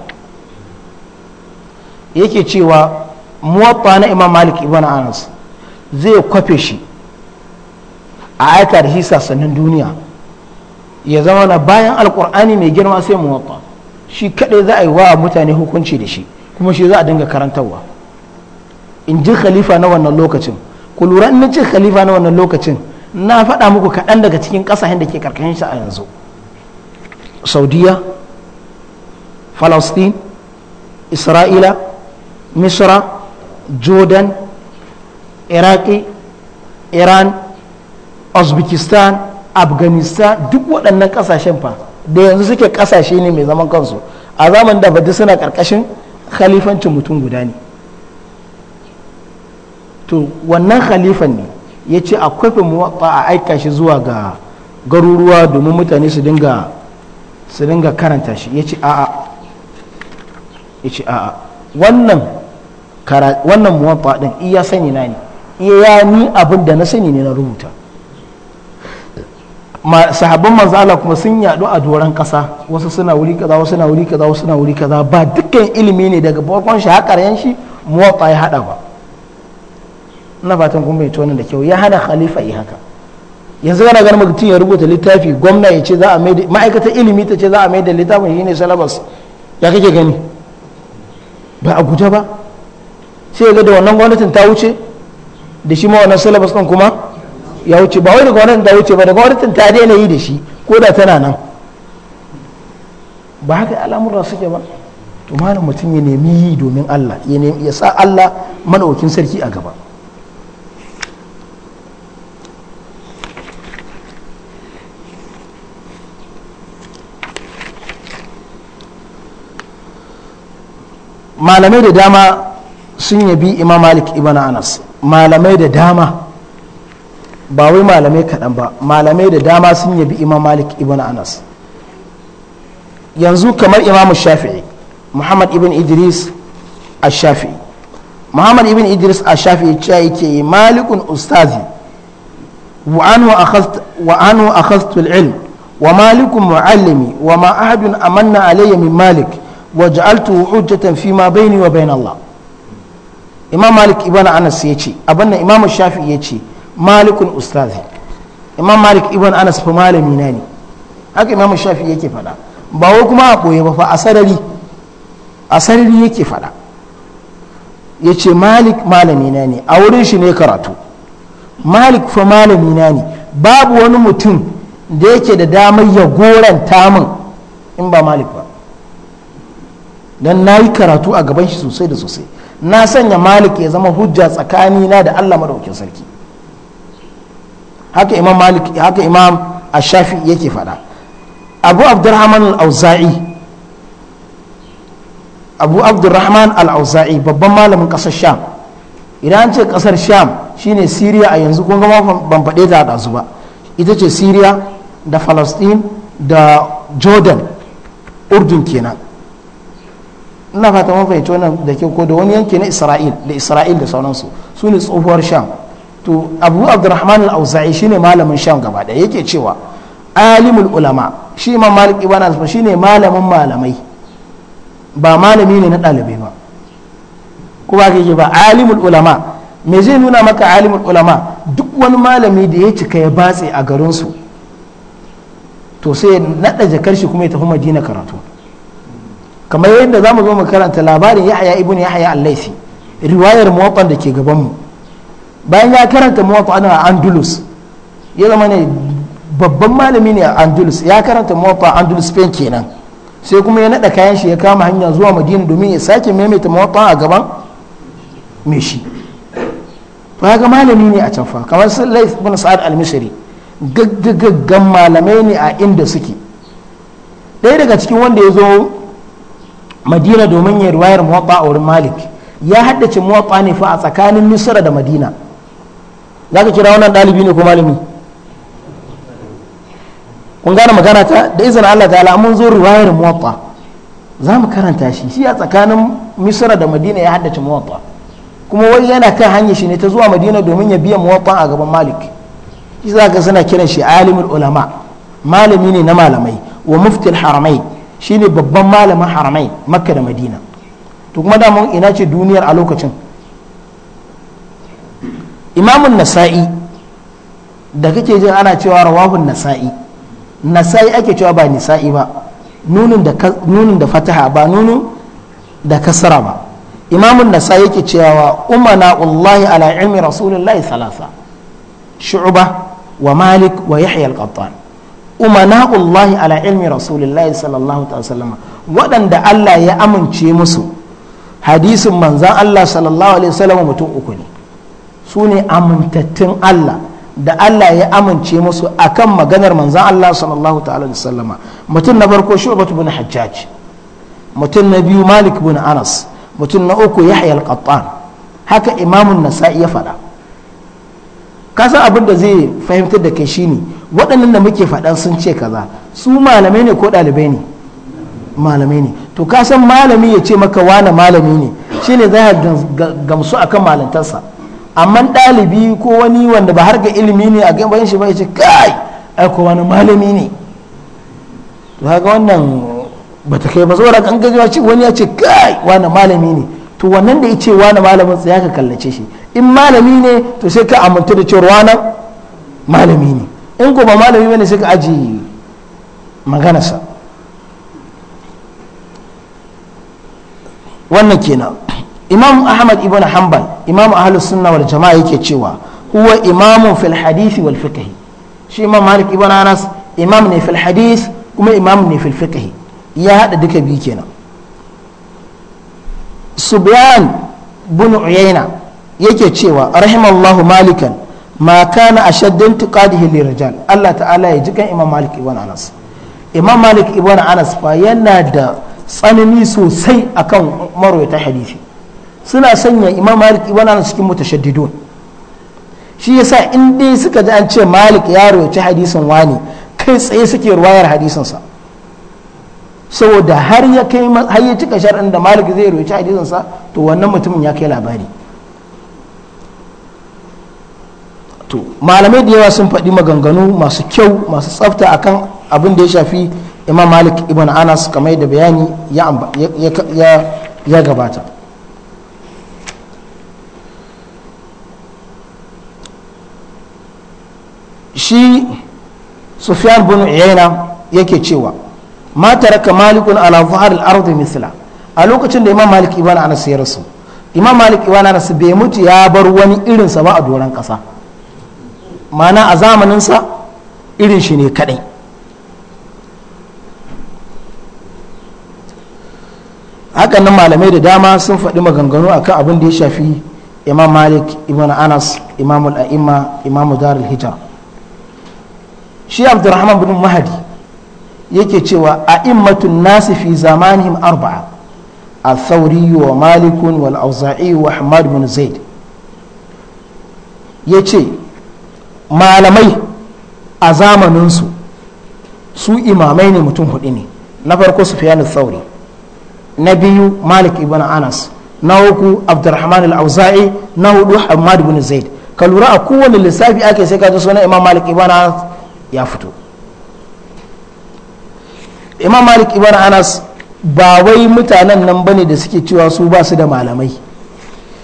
yake cewa muwatta na imam malik ibn anas zai kwafe shi a aika da shi sassanin duniya ya zama na bayan alkur'ani mai girma sai muwatta shi kadai za a yi wa mutane hukunci da shi kuma shi za a dinga karantarwa in ji khalifa na wannan lokacin ku lura in ce khalifa na wannan lokacin na faɗa muku kaɗan daga cikin ƙasashen da ke karkashin shi a yanzu saudiya falastin isra'ila misra jordan iraki iran uzbekistan afghanistan duk waɗannan ƙasashen fa da yanzu suke ƙasashe ne mai zaman kansu a zaman da bada suna ƙarƙashin khalifancin mutum guda ne to wannan khalifan ne ya ce a kwafe a aika shi zuwa ga garuruwa domin mutane su dinga su ringa karanta shi ya ce a'a ya ce a'a wannan wannan muwatta din iya sani na ne iya ni abin da na sani ne na rubuta sahabban manzo Allah kuma sun yaɗu a doron ƙasa wasu suna wuri kaza wasu suna wuri kaza wasu suna wuri kaza ba dukkan ilimi ne daga farkon shi haƙar ƙaryan shi muwatta ya haɗa ba na fatan kuma bai tona da kyau ya hana khalifa yi haka yanzu kana ganin mutum ya rubuta littafi gwamna ya ce za a mai ma'aikatar ilimi ta ce za a mai da littafin ne salabas ya kake gani ba a guje ba sai ga da wannan gwamnatin ta wuce da shi ma wannan salabas ɗin kuma ya wuce ba wai da gwamnatin ta wuce ba da gwamnatin ta daina yi da shi ko da tana nan ba haka al'amuran suke ba to malam mutum ya nemi yi domin Allah ya sa Allah madaukakin sarki a gaba malamai da dama sun yabi imam malik ibn anas malamai da dama ba wai malamai kaɗan ba malamai da dama sun yabi imam malik ibn anas yanzu kamar imam shafi'i muhammad ibn idris a shafii muhammad ibn idris a shafii ce yake malikun ustazi wa anhu akhadtu wa anhu ilm wa malikun muallimi wa ma ahadun amanna alayya min malik waj'altu hujjatan fi ma baini wa bayna Allah imam malik ibn anas yace ce abin nan imam shafi'i yace malikun ustazi imam malik ibn anas fa malami na ne haka imam shafi'i yake faɗa ba wai kuma a koye ba fa a sarari a sarari yake faɗa yace malik malami na ne a wurin shi ne karatu malik fa malami na ne babu wani mutum da yake da damar ya goranta min in ba malik ba don na yi karatu a gaban shi sosai da sosai na sanya malik ya zama hujja tsakanina da allah maɗaukin sarki haka imam malik haka imam ashafi yake faɗa abu abdurrahman al-auza'i abu abdurrahman al-auza'i babban malamin ƙasar sham idan an ce ƙasar sham shine syria a yanzu kun gama ban faɗe ta ɗazu ba ita ce syria da palestine da jordan urdun kenan ina fata mun fahimci wannan da ke ko da wani yanki na isra'il da isra'il da sauransu su ne tsohuwar sham to abu abdurrahman al-auza'i shine malamin sham gaba da yake cewa alimul ulama shi imam malik ibn shine malamin malamai ba malami ne na dalibai ba ko ba kake ba alimul ulama me zai nuna maka alimul ulama duk wani malami da ya cika ya batse a garin su to sai nada jakar shi kuma ya tafi madina karatu kamar yadda za mu zo mu karanta labarin yahya ibn yahya al-laifi riwayar muwatta da ke gabanmu bayan ya karanta muwatta a andalus ya zama ne babban malami ne a andalus ya karanta muwatta a andalus spain kenan sai kuma ya nada kayan shi ya kama hanya zuwa madina domin ya sake maimaita muwatta a gaban me shi ga malami ne a can fa kamar laif bin sa'ad al-misri gaggagaggan malamai ne a inda suke ɗaya daga cikin wanda ya zo madina domin ya ruwayar muwaɓa a wurin malik ya haddace muwaɓa ne fa a tsakanin misra da madina za ka kira wannan ɗalibi ne ko malami kun gane magana ta da izinin allah ta'ala mun zo ruwayar muwaɓa za mu karanta shi shi a tsakanin misra da madina ya haddace muwaɓa kuma wai yana kan hanyar shi ne ta zuwa madina domin ya biya muwaɓa a gaban malik shi za ka suna kiran shi alimul ulama malami ne na malamai wa muftil haramai shine babban malamin haramai makka da madina to kuma damun ina ce duniyar a lokacin imamun nasa'i da kake jin ana cewa rawahun nasa'i nasa'i ake cewa ba nisa'i ba nunin da fataha ba nunin da kasara ba imamun nasa'i yake cewa umana Allah ala ilmi rasulullahi salasa shu'uba wa malik wa yahya al-qattan umana'ullahi ala ilmi rasulullahi sallallahu ta'ala sallama waɗanda Allah ya amince musu hadisin manzan Allah sallallahu alaihi wasallam mutum uku ne su ne amintattun Allah da Allah ya amince musu akan maganar manzan Allah sallallahu ta'ala alaihi wasallama mutum na farko wa bin hajjaj mutum na biyu malik bin anas mutum na uku yahya al-qattan haka imamun nasa'i ya faɗa kasan abin da zai fahimtar da kai shine waɗannan da muke faɗa sun ce kaza su malamai ne ko ɗalibai ne malamai ne to ka san malami ya ce maka wane malami ne shi ne za gamsu akan malantarsa amma ɗalibi ko wani wanda ba harka ilimi ne a gaban shi ba ya ce kai aiko wani malami ne to haka wannan ba ta kai ba saboda kan gajewa ce wani ya ce kai wani malami ne to wannan da ya ce wani malamin ya ka kallace shi in malami ne to sai ka amintu da cewa wani malami ne in ko ba malami bane sai ka aji sa wannan kenan imam ahmad ibn hanbal imam ahlus sunna wal jama'a yake cewa huwa imamun fil hadith wal fiqh shi imam malik ibn anas imam ne fil hadith kuma imam ne fil fiqh ya hada duka biyu kenan subyan bin uyayna yake cewa rahimallahu malikan ma kana ashaddin tuqadihi lirrijal Allah ta'ala ya jikan Imam Malik ibn Anas Imam Malik ibn Anas fa yana da tsanani sosai akan marwayata hadisi suna sanya Imam Malik ibn Anas cikin mutashaddidun shi yasa in dai suka ji an ce Malik ya rawaita hadisin wani kai tsaye suke ruwayar hadisin saboda har ya kai har ya cika shar'in da Malik zai rawaita hadisin sa to wannan mutumin ya kai labari to malamai da yawa sun faɗi maganganu masu kyau masu tsafta akan abin da ya shafi imam malik ibn anas kamar da bayani ya gabata shi sufyan bin uyayna yake cewa ma taraka malikun ala zuhar al misila misla a lokacin da imam malik ibn anas ya rasu imam malik ibn anas bai mutu ya bar wani irinsa ba a doron kasa mana a zamaninsa irin shi ne kadai hakanan malamai da dama sun faɗi maganganu akan abin da ya shafi imam malik ibn anas imam al'a'imma imam darul hijra shi abdurrahman bin mahadi yake cewa a immatun nasi fi zamanihim arba'a al-thawri wa malikun wal auza'i wa ahmad bin zaid yace malamai a zamaninsu su imamai ne mutum hudu ne na farko su sauri na biyu malik ibn anas na uku abdurrahman al-auza'i na hudu hamad ibn zaid ka lura a kowane lissafi ake sai ka suna sunan imam malik ibn anas ya fito imam malik ibn anas ba wai mutanen nan bane da suke cewa su ba su da malamai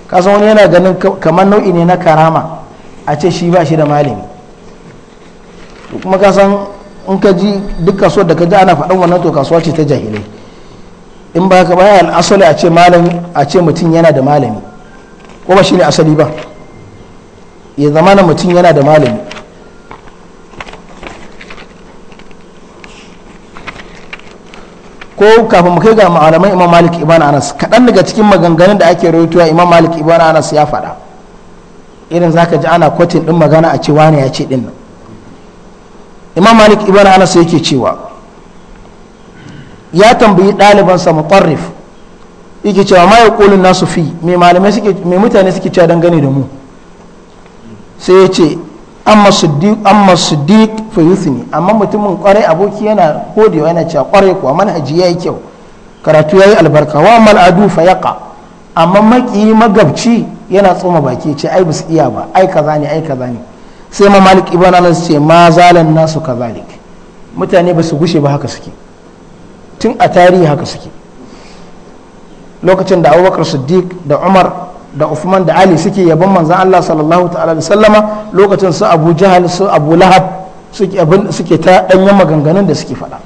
kasan wani yana ganin kamar nau'i ne na karama a ce shi ba shi da malami kuma ka san in ka ji duk kasuwar da ka ji ana faɗin wannan to kasuwa ce ta jahilai in ba ka baya al'asali a ce malami a ce mutum yana da malami ko ba shi ne asali ba ya zama na mutum yana da malami ko kafin mu kai ga malamai imam malik ibn anas kaɗan daga cikin maganganun da ake rawaitowa imam malik ibn anas ya faɗa irin zaka ji ana kwatin din magana a cewa ne ya ce din nan imam malik ibn anas yake cewa ya tambayi ɗalibansa mutarrif yake cewa ma ya nasu fi mai mutane suke cewa dangane da mu sai ya ce amma siddiq amma siddiq fa amma mutumin kwarai aboki yana godewa yana cewa kwarai kuwa ya yayi kyau karatu yayi albarka wa mal adu fa yaqa amma maki magabci yana tsoma baki ce ai basu iya ba ai kaza ne ai kaza ne sai ma malik ibn anas ce ma zalan nasu kazalik mutane ba su gushe ba haka suke tun a tarihi haka suke lokacin da abubakar siddiq da umar da usman da ali suke yaban manzan allah sallallahu ta'ala da sallama lokacin su abu jahal su abu lahab suke ta ɗanyen maganganun da suke faɗa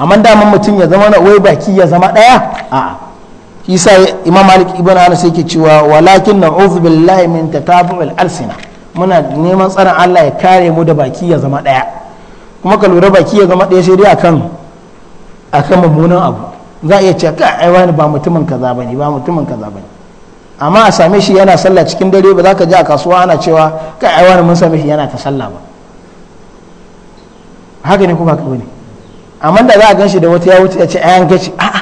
amma daman mutum ya zama na wai baki ya zama ɗaya a'a shi sa imam malik ibn anas yake cewa walakin na na'udhu billahi min tatabu'il arsina muna neman tsaron Allah ya kare mu da baki ya zama daya kuma ka lura baki ya zama daya sai dai akan akan mummunan abu za a iya ce ka ai wani ba mutumin kaza bane ba mutumin kaza bane amma a same shi yana sallah cikin dare ba za ka ji a kasuwa ana cewa ka ai wani mun same shi yana ta sallah ba haka ne kuma ba ka bane amma da za a ganshi da wata ya wuce ya ce ayan gaci a'a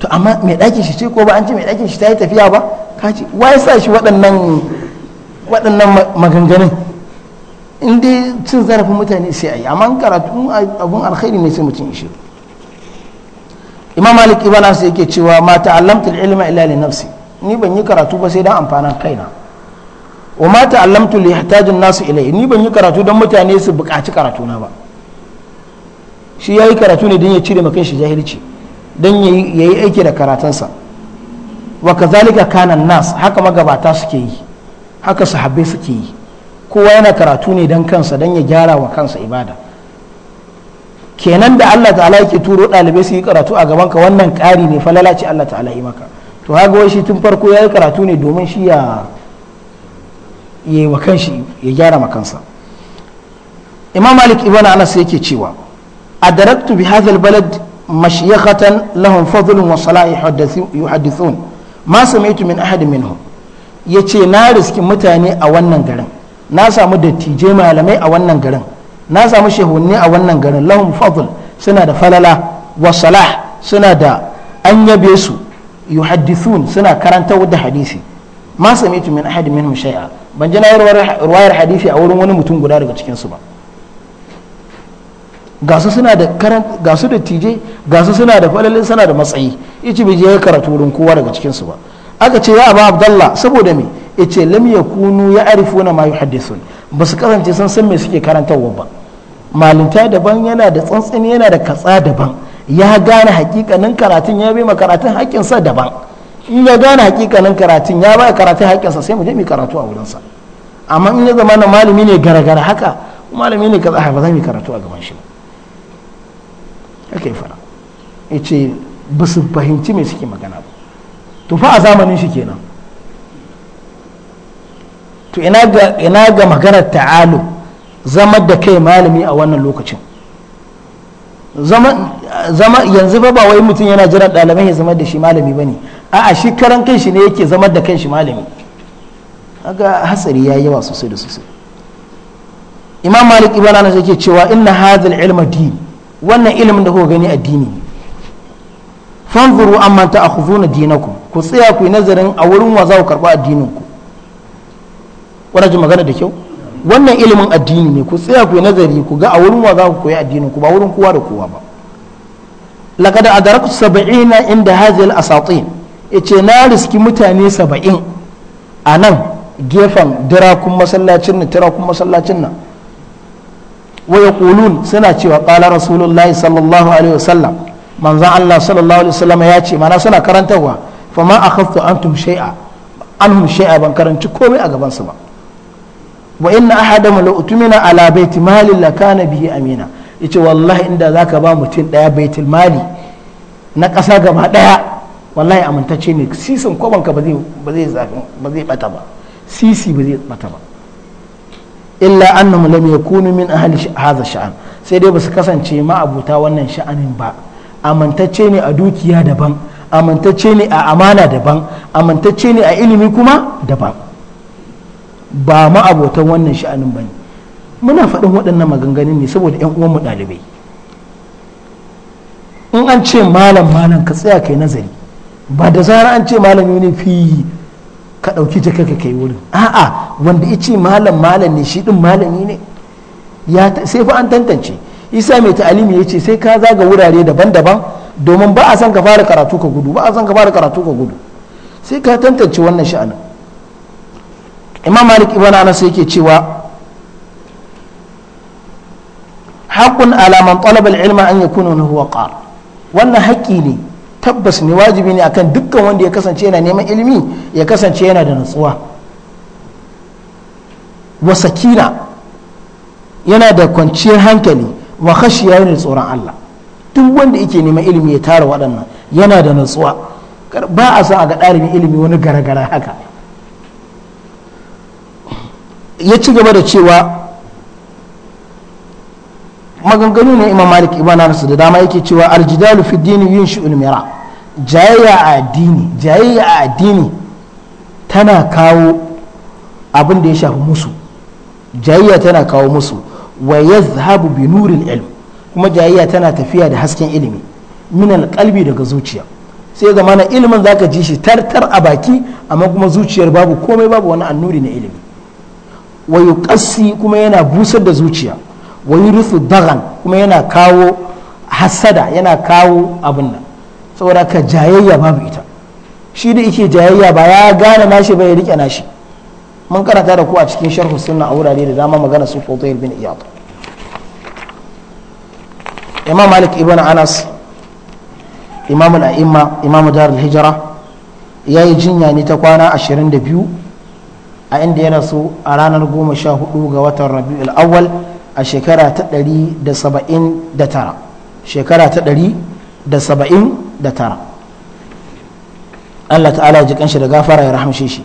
to amma mai ɗakin shi ce ko ba an ce mai ɗakin shi ta yi tafiya ba ka ce wa ya sa shi waɗannan waɗannan maganganun in dai cin zarafin mutane sai a yi amma karatu abun alkhairi ne sai mutum ishe. imam malik ibn anas yake cewa ma ta'allamtu al-ilma illa li nafsi ni ban yi karatu ba sai dan amfanan kaina wa ma ta'allamtu li yahtajun nasu ilai ni ban yi karatu dan mutane su buƙaci karatu na ba shi yayi karatu ne dan ya cire makan shi jahilci don ya yi aiki da karatunsa wa kazalika kanan nas haka magabata suke yi haka sahabbai suke yi kowa yana karatu ne don kansa don ya gyara wa kansa ibada kenan da Allah ta'ala yake turo ɗalibai su yi karatu a gabanka wannan ƙari ne falala ce Allah ta'ala yi maka to haka wai shi tun farko ya yi karatu ne domin shi ya yi wa kanshi ya gyara ma kansa imam malik ibn anas yake cewa a daraktu bi hadha balad مشيخة لهم فضل وصلاة يحدثون ما سمعت من أحد منهم yace na riski mutane a wannan garin na samu dattijai malamai a wannan garin na samu shahunni a wannan garin lahum fadl suna da falala wa salah suna da an yabe su suna karanta da hadisi ma sami'tu min ahadin minhum shay'a ban ji na ruwayar hadisi a wurin wani mutum guda daga cikinsu ba gasu suna da karan gasu da tije gasu suna da falalin suna da matsayi ice bai je ya karatu wurin kowa daga cikin su ba aka ce ya abu abdallah saboda me yace lam yakunu ya arifuna ma yuhaddisun ba su kasance sun san me suke karantawa ba malinta daban yana da tsantsani yana da katsa daban ya gane hakikanin karatun ya bai karatun haƙƙinsa daban in ya gane hakikanin karatun ya ba karatun haƙƙinsa sai mu je mu karatu a wurinsa amma in ya zama na malami ne gara-gara haka malami ne kaza ba za mu karatu a gaban shi ba aka yi fara ya ce ba su fahimci mai suke magana ba to fa a zamanin shi kenan to ina ga maganar ta'alu zama da kai malami a wannan lokacin zama yanzu ba ba wai mutum yana jiran ɗalibai ya zama da shi malami ba ne a'a shi karan kai shi ne yake zama da kan shi malami aga hatsari ya yawa sosai da sosai imam malik ibana na yake cewa inna hadhal ilma din wannan ilimin da kuka gani addini ne fanzuru amma ta na dinaku ku tsaya ku yi nazarin a wurin wa za ku karɓi addininku kuna ji magana da kyau wannan ilimin addini ne ku tsaya ku yi nazari ku ga a wurin wa za ku koyi addininku ba wurin kowa da kowa ba laqad adaraku saba'ina inda hadhihi al-asatin yace na riski mutane saba'in a nan gefen dirakun masallacin nan dirakun masallacin nan wa yaqulun suna cewa qala rasulullahi sallallahu alaihi wasallam manzon Allah sallallahu alaihi wasallam ya ce mana suna karantarwa fa ma akhaftu antum shay'a anhum shay'a ban karanci komai a gaban su ba wa inna ahadahum la utumina ala baiti mali la kana bihi amina yace wallahi inda zaka ba mutum daya baitul mali na ƙasa gaba daya wallahi amintacce ne sisin kwabanka sisi ba zai bata ba illa annahum lam yakunu min ahli hadha sha'an sai dai basu kasance ma abuta wannan sha'anin ba amantacce ne a dukiya daban amantacce ne a amana daban amantacce ne a ilimi kuma daban ba ma abotan wannan sha'anin bane muna faɗin waɗannan maganganun ne saboda ƴan uwanmu ɗalibai in an ce malam malam ka tsaya kai nazari ba da zarar an ce malam ne fi ka ɗauki jaka ka kai wurin a'a wanda ya ce malam malam ne shi ɗin malami ne sai fa an tantance isa mai ta'alimi ya ce sai ka zaga wurare daban-daban domin ba a san ka fara karatu ka gudu ba a san ka fara karatu ka gudu sai ka tantance wannan sha'anin imam malik ibn anas yake cewa haqqun ala man talaba al-ilma an yakuna huwa qar wannan haƙƙi ne tabbas ne wajibi ne akan dukkan wanda ya kasance yana neman ilimi ya kasance yana da nutsuwa wa sakina yana da kwanciyar hankali wa khashiya da tsoron Allah duk wanda yake neman ilimi ya tara waɗannan yana da nutsuwa ba a sa a ga ɗalibin ilimi wani gara-gara haka ya ci gaba da cewa maganganu ne imam malik ibn anas da dama yake cewa aljidalu fi dini yunshu mira jayayya a addini jayayya a addini tana kawo abin da ya shafi musu jayayya tana kawo musu wa zahabu bi nuril ilm kuma jayayya tana tafiya da hasken ilimi min alqalbi daga zuciya sai ga mana ilimin zaka ji shi tartar a baki amma kuma zuciyar babu komai babu wani annuri na ilimi wa yuqassi kuma yana busar da zuciya Wai yurisu dagan kuma yana kawo hasada yana kawo abin nan saboda ka jayayya babu ita shi da yake jayayya ba ya gane nashi ba ya rike nashi mun karanta da ku a cikin sharhu sunna a wurare da dama magana su Fudayl bin Iyad Imam Malik ibn Anas Imam al-A'imma Imam Darul Hijra yayi jinya ne ta kwana 22 a inda ya rasu a ranar 14 ga watan Rabiul Awwal a shekara ta ɗari da da saba'in tara, shekara ta ɗari da da saba'in tara. Allah ta'ala ji kanshi da gafara ya rahamshe shi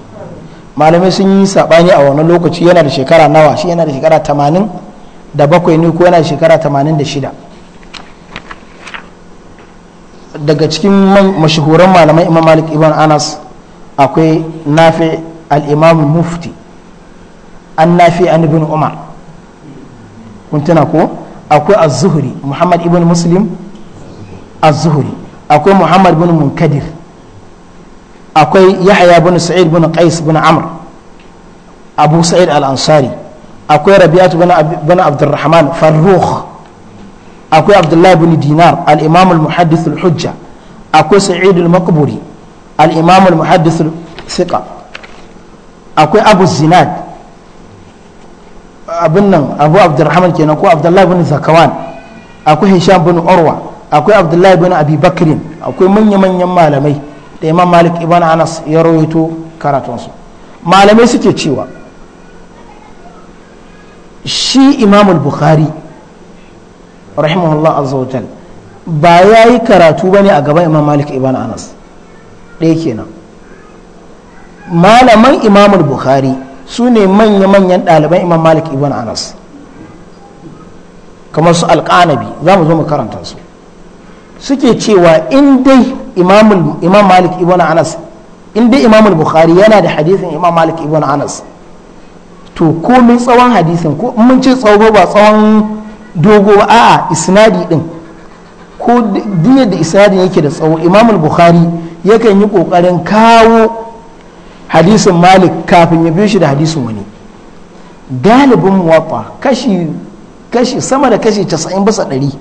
malamai sun yi saɓani a wannan lokaci yana da shekara nawa shi yana da shekara tamanin da bakwai ne ko yana da shekara tamanin da shida. daga cikin mashahuran malamai imam malik ibn anas akwai nafi al mufti an nafi an ibn umar kun ko akwai az-zuhri muhammad ibn muslim az-zuhri akwai muhammad ibn munkadir akwai yahya ibn sa'id ibn qais ibn amr abu sa'id al-ansari akwai rabi'at ibn abdurrahman farrukh akwai abdullahi ibn dinar al-imam al-muhaddith al-hujja akwai sa'id al-maqburi al-imam al-muhaddith al-thiqa akwai abu zinad abin nan abu abdurrahman kenan ko abdullahi bin zakawan akwai hisham bin urwa akwai abdullahi bin abi bakrin akwai manya-manyan malamai da imam malik ibn anas ya rawaito karatunsu malamai suke cewa shi imam bukhari rahimahullah azawajal ba ya yi karatu ba ne a gaban imam malik ibn anas ɗaya kenan malaman imam bukhari su ne manya-manyan ɗaliban imam malik ibn anas kamar su alƙanabi za mu zo mu karanta su suke cewa in dai imam malik ibn anas in dai imam bukhari yana da hadisin imam malik ibn anas to komai tsawon hadisin ko mun ce tsawo ba tsawon dogo a'a isnadi din ko duk da isnadin yake da tsawo imam bukhari yakan yi kokarin kawo hadisin malik kafin ya biyo shi da hadisin wani galibin muwatta kashi sama da kashi casa'in bisa 100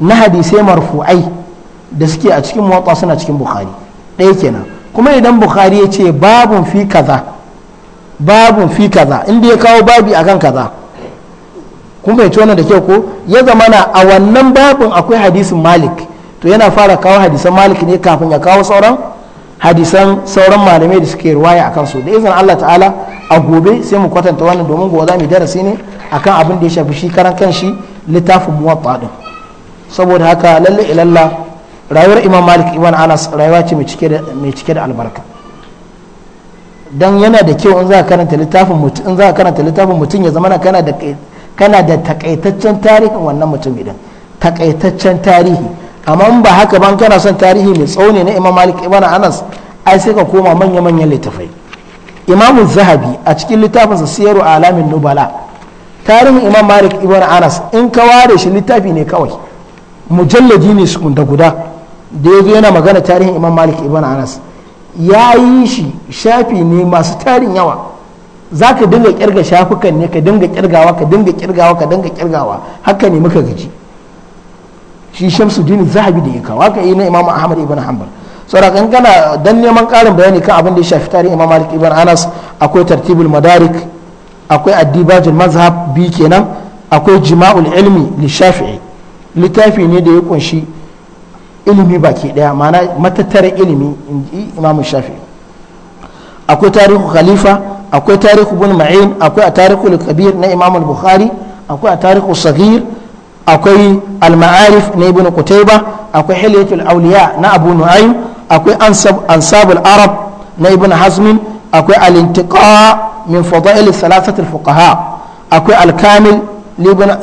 na hadisai marfu'ai da suke a cikin muwatta suna cikin bukhari ɗaya kenan kuma idan bukhari ya ce babun fi kaza babun fi kaza inda ya kawo babi akan kaza kuma ya wannan da kyau ko ya na a wannan babin akwai hadisin malik to yana fara kawo hadisan malik ne kafin ya kawo sauran hadisan sauran malamai da suke ruwaya a su da izinin Allah ta'ala a gobe sai mu kwatanta wannan domin gobe za mu darasi ne akan abin da ya shafi shi karan kan shi littafin muwatta din saboda haka lalle ilalla rayuwar imam malik ibn anas rayuwa ce mai cike da albarka dan yana da kyau in za ka karanta littafin mutum ya zama kana da kana da takaitaccen tarihin wannan mutum idan takaitaccen tarihi amma ba haka ban kana son tarihi mai tsauni na imam malik ibn anas ai sai ka koma manya manyan littafai imamu zahabi a cikin littafinsa siyaru alamin nubala tarihin imam malik ibn anas in ka ware shi littafi ne kawai mujalladi ne su da guda da yazo yana magana tarihin imam malik ibn anas ya yi shi shafi ne masu tarin yawa za ka dinga kirga shafukan ne ka dinga kirgawa ka dinga kirgawa ka dinga kirgawa haka ne muka gaji shi shamsuddin zahabi da ya kawo yi na imam ahmad ibn hanbal saboda in kana dan neman karin bayani kan abin da ya shafi tarihin imam malik ibn anas akwai tartibul madarik akwai addibajin mazhab bi kenan akwai jima'ul ilmi li shafi'i littafi ne da ya kunshi ilimi baki daya mana matattara ilimi in imam shafi'i akwai tarihu khalifa akwai tarihu bin ma'in akwai a tarihu kabir na imam al-bukhari akwai a tarihu sagir akwai al-ma'arif na ibn qutayba akwai hilyatul awliya na abu nu'aym akwai ansabul arab na ibn hazmin akwai al-intiqa min fadail thalathat al-fuqaha akwai al-kamil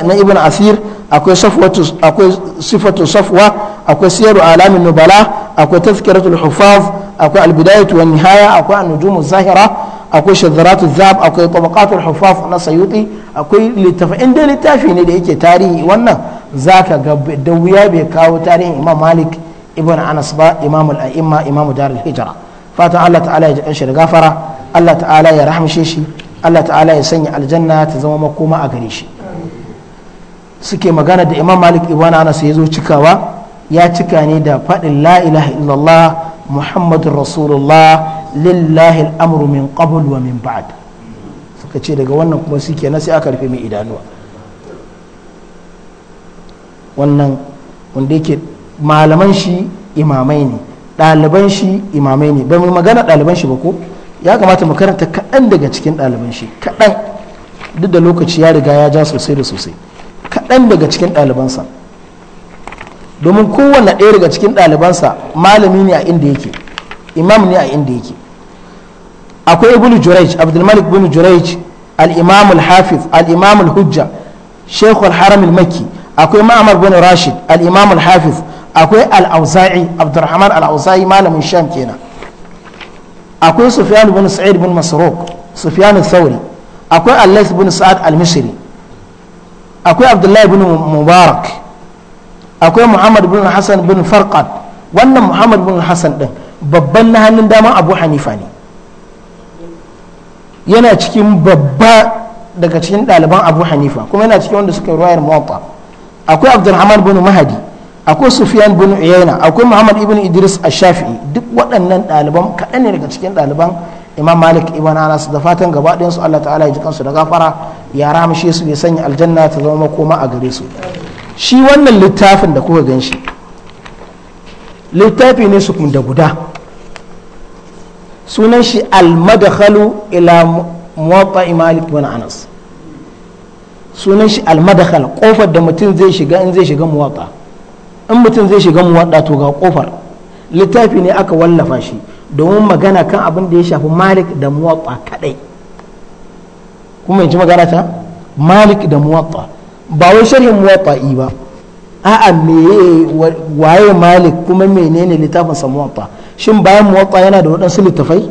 na ibn asir akwai safwatu akwai sifatu safwa akwai siyaru alamin nubala akwai tazkiratul hufaz akwai albidayatu wa nihaya akwai an-nujumu zahira akwai shadaratu zab akwai tabaqatul hufaf na sayuti akwai littafi inda littafi ne da yake tarihi wannan zaka ga da wuya bai kawo tarihin imam malik ibn anas ba imam al-a'imma imam darul hijra fatan Allah ta'ala ya ji da gafara Allah ta'ala ya rahamshe shi Allah ta'ala ya sanya aljanna ta zama makoma a gare shi suke magana da imam malik ibn anas ya zo cikawa ya cika ne da faɗin la ilaha illallah muhammadun rasulullah lillahi al'amru min qabl wa min ba'd suka ce daga wannan kuma su na sai aka rufe mai idanuwa wannan wanda yake malaman shi imamai ne ɗaliban shi imamai ne ba mu magana ɗaliban shi ba ko ya kamata mu karanta kaɗan daga cikin ɗaliban shi kaɗan duk da lokaci ya riga ya ja sosai da sosai kaɗan daga cikin ɗalibansa domin kowane ɗaya daga cikin ɗalibansa malami ne a inda yake imam ne a inda yake akwai ibnu jurayj abdulmalik bin juraij al-imam al-hafiz al-imam hujja shekul haram makki akwai ma'amar bin rashid al-imam al-hafiz akwai al-auza'i abdurrahman al malamin sham kenan akwai sufyan bin sa'id bin masruq sufyan al-thawri akwai al-lays bin sa'ad al-misri akwai abdullahi bin mubarak akwai muhammad bin hassan bin farqat wannan muhammad bin hassan din babban na hannun dama abu hanifa ne yana cikin babba daga cikin ɗaliban abu hanifa kuma yana cikin wanda suka ruwayar mota akwai abdulrahman bin mahadi akwai sufiyan bin uyayna akwai muhammad ibn idris ashafi shafii duk waɗannan ɗaliban kaɗan ne daga cikin ɗaliban imam malik ibn anas da fatan gaba ɗayansu allah ta'ala ya ji kansu da gafara ya ramshe su ya sanya aljanna ta zama makoma a gare su shi wannan littafin da kuka gan shi littafi ne su da guda sunan shi al al-madakhalu ila muwatta malik bin anas sunan shi al-madakhal kofar da mutum zai shiga in zai shiga muwatta in mutum zai shiga muwatta to ga kofar littafi ne aka wallafa shi domin magana kan abin da ya shafi malik da muwatta kadai kuma in ji magana ta malik da muwatta ba wai sharhin muwatta'i ba a'a me waye malik kuma menene littafin sa muwatta shin bayan muwatta yana da waɗansu littafai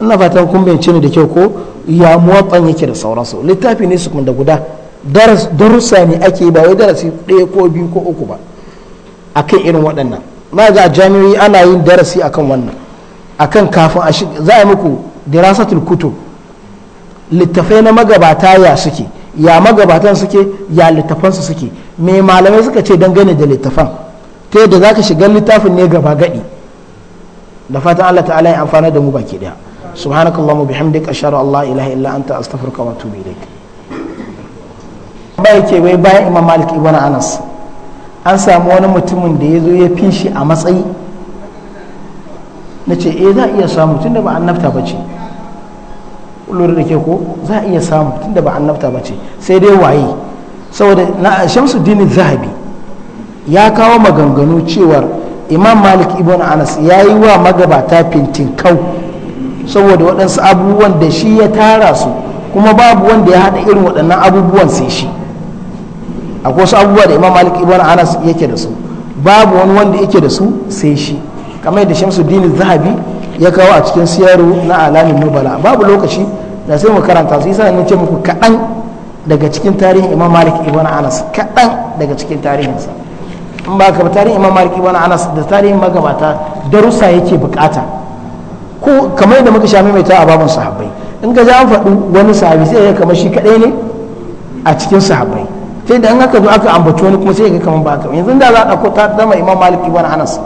ina fatan kun bayyance ne da kyau ko ya muwatta yake da sauransu littafi ne su da guda darussa ne ake ba wai darasi ɗaya ko biyu ko uku ba akan irin waɗannan na ga jami'o'i ana yin darasi akan wannan akan kafin a za a muku dirasatul kutub littafai na magabata ya suke ya magabatan suke ya su suke me malamai suka ce dangane da littafan ta yadda za ka shiga littafin ne gaba gadi da fatan Allah ta'ala ya amfana da mu baki daya subhanakallahumma bihamdika ashhadu an ilaha illa anta astaghfiruka wa atubu ilaik bai ke wai bayan imam malik ibn anas an samu wani mutumin da ya zo ya fi shi a matsayi na ce eh za a iya samu tunda ba annabta ba ce lura da ke ko za a iya samu tunda ba annabta ba ce sai dai waye saboda na dini zahabi ya kawo maganganu cewar imam malik ibn anas ya yi wa magabata fintin kau saboda waɗansu abubuwan da shi ya tara su kuma babu wanda ya haɗa irin waɗannan abubuwan sai shi akwai wasu abubuwa da imam malik ibn anas yake da su babu wani wanda yake da su sai shi kamar yadda dini zahabi ya kawo a cikin siyaru na alamin nubala babu lokaci da sai mu karanta su yasa ne ce muku kaɗan daga cikin tarihin imam malik ibn anas kaɗan daga cikin tarihinsa in ba ka tarihin imam malik ibn anas da tarihin magabata darussa yake bukata ko kamar da muka sha maimaita a babun sahabbai in ka ji an faɗi wani sahabi sai ya kamar shi kaɗai ne a cikin sahabbai sai da an haka zo aka ambaci wani kuma sai ya ga kamar ba ka yanzu da za a ɗauko ta zama imam malik ibn anas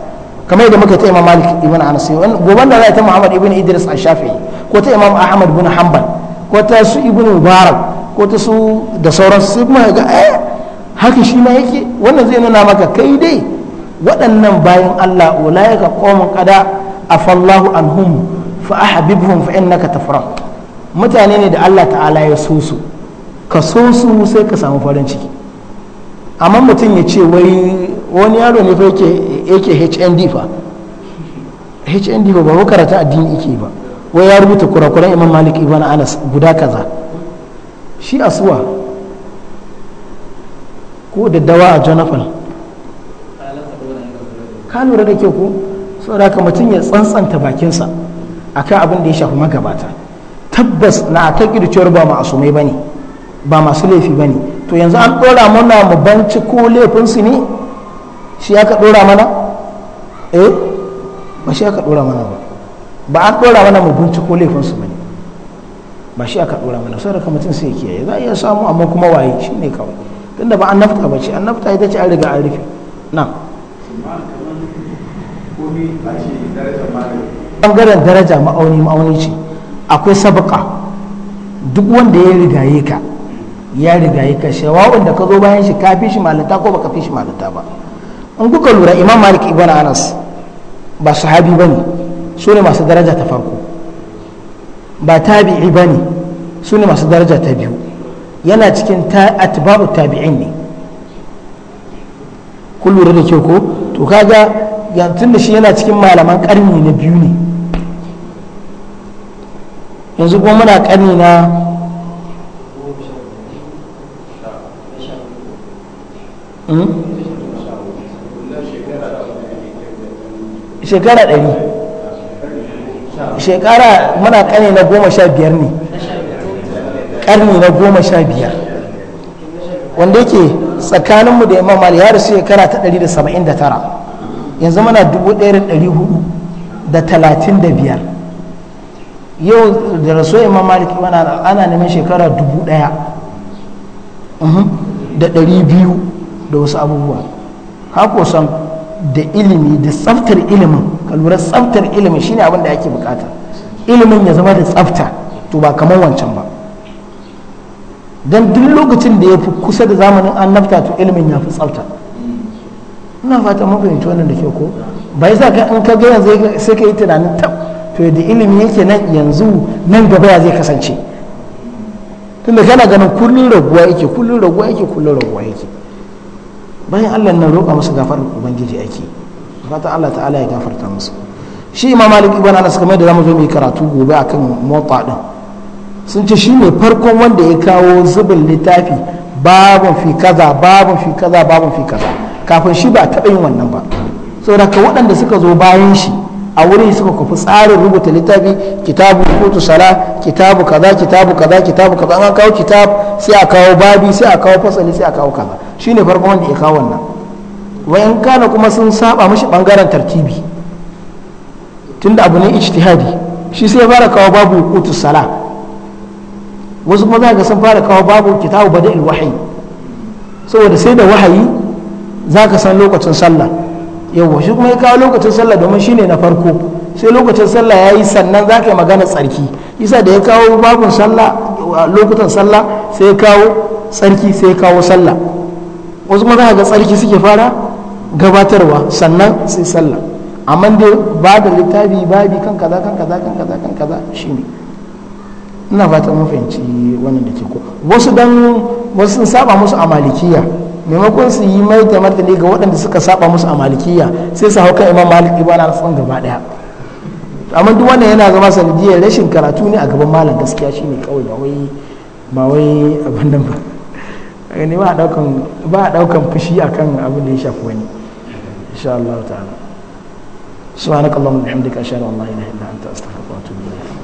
kamar yadda muka ta imam malik ibn anas goban da zai ta muhammad ibn idris a shafi'i ko ta imam ahmad ibn hanbal ko ta su ibn mubarak ko ta su da sauran su kuma ga eh haka shi ma yake wannan zai nuna maka kai dai waɗannan bayan allah ulaika qawmun qada afallahu anhum fa ahbibhum fa innaka tafrah mutane ne da allah ta'ala ya so su ka so su sai ka samu farin ciki amma mutum ya ce wai wani yaro ne fa yake yake hnd fa hnd ba ba karata addini yake ba wai ya rubuta kurakuran imam malik ibn anas guda kaza shi asuwa ko daddawa a jonathan ka lura da kyau ko da haka mutum ya tsantsanta bakinsa akan abin da ya shafi magabata tabbas na a kan cewar ba asumai ba ne ba masu laifi ba ne to yanzu an ɗora mana mu banci ko laifinsu ne shi ya ka ɗora mana eh ba shi aka dora mana ba ba an dora mana mu binciko laifinsu ba ne ba shi aka dora mana sai raka mutum sai kiyaye za a iya samu amma kuma waye shi ne kawai tunda ba an nafta ba ce an nafta ita ce an riga an rufe na bangaren daraja ma'auni ma'auni ce akwai sabaka duk wanda ya rigaye ka ya rigaye ka shawa'un da ka zo bayan shi ka fi shi malata ko ba ka fi shi malata ba in kuka lura imam malik ibn anas ba sahabi bane su ne masu daraja ta farko ba tabi'i bane su ne masu daraja ta biyu yana cikin atba'u tabi'in ne kun lura da kyau ko to kaga yantun da shi yana cikin malaman karni na biyu ne yanzu kuma muna karni na Mm-hmm. shekara ɗari shekara muna ƙarni na goma sha biyar ne ƙarni na goma sha biyar wanda yake tsakaninmu da imam ali ya rasu shekara ta ɗari da saba'in da tara yanzu muna dubu ɗaya da ɗari hudu da talatin da biyar yau da rasu imam maliki ana neman shekara dubu ɗaya uhm, da ɗari biyu da wasu abubuwa hako san da ilimi da tsaftar ilimin ka lura tsaftar ilimin shine abin da ake bukata ilimin ya zama da tsafta to ba kamar wancan ba don duk lokacin da ya fi kusa da zamanin nafta to ilimin ya fi tsafta ina fata mun wannan da ke ko ba yasa ka in ka gaya sai ka yi tunanin tab to da ilimi yake nan yanzu nan gaba ya zai kasance tunda kana ganin kullum raguwa yake kullum raguwa yake kullum raguwa yake bayan Allah na roƙa musu gafarar ubangiji ake fata Allah ta'ala ya gafarta musu shi ma malik ibn anas kamar da zamu zo mu karatu gobe akan mota din sun ce ne farkon wanda ya kawo zubin littafi babun fi kaza babun fi kaza babun fi kaza kafin shi ba a taɓa yin wannan ba saboda ka waɗanda suka zo bayan shi a wurin suka kufi tsarin rubuta littafi kitabu kutu sala kitabu kaza kitabu kaza kitabu kaza an kawo kitab sai a kawo babi sai a kawo fasali sai a kawo kaza shi ne farkon wanda ya kawo wannan wayan kana kuma sun saba mashi bangaren tartibi tunda abu ne ijtihadi shi sai fara kawo babu qutus sala wasu kuma za ka san fara kawo babu kitabu bada'il wahyi saboda sai da wahayi za ka san lokacin sallah yau shi kuma ya kawo lokacin sallah domin shine na farko sai lokacin sallah ya yi sannan za ka yi magana tsarki isa da ya kawo babun sallah lokutan sallah sai ya kawo tsarki sai ya kawo sallah wasu kuma za ga tsarki suke fara gabatarwa sannan sai sallah amma da ba da littafi babi kan kaza kan kaza kan kaza kan kaza shine ina fata mun fahimci wannan da ke ko wasu dan wasu sun saba musu a malikiya maimakon su yi mai da martani ga waɗanda suka saba musu a malikiya sai su hauka imam malik ibn al-hasan gaba daya amma duk wannan yana zama sanadiyar rashin karatu ne a gaban malam gaskiya shine kawai ba wai ba wai abin nan ba gani ba a daukan fushi akan abin da ya shafi wani insha Allah ta'ala subhanakallahumma wa bihamdika ashhadu an la ilaha illa anta astaghfiruka wa atubu ilayk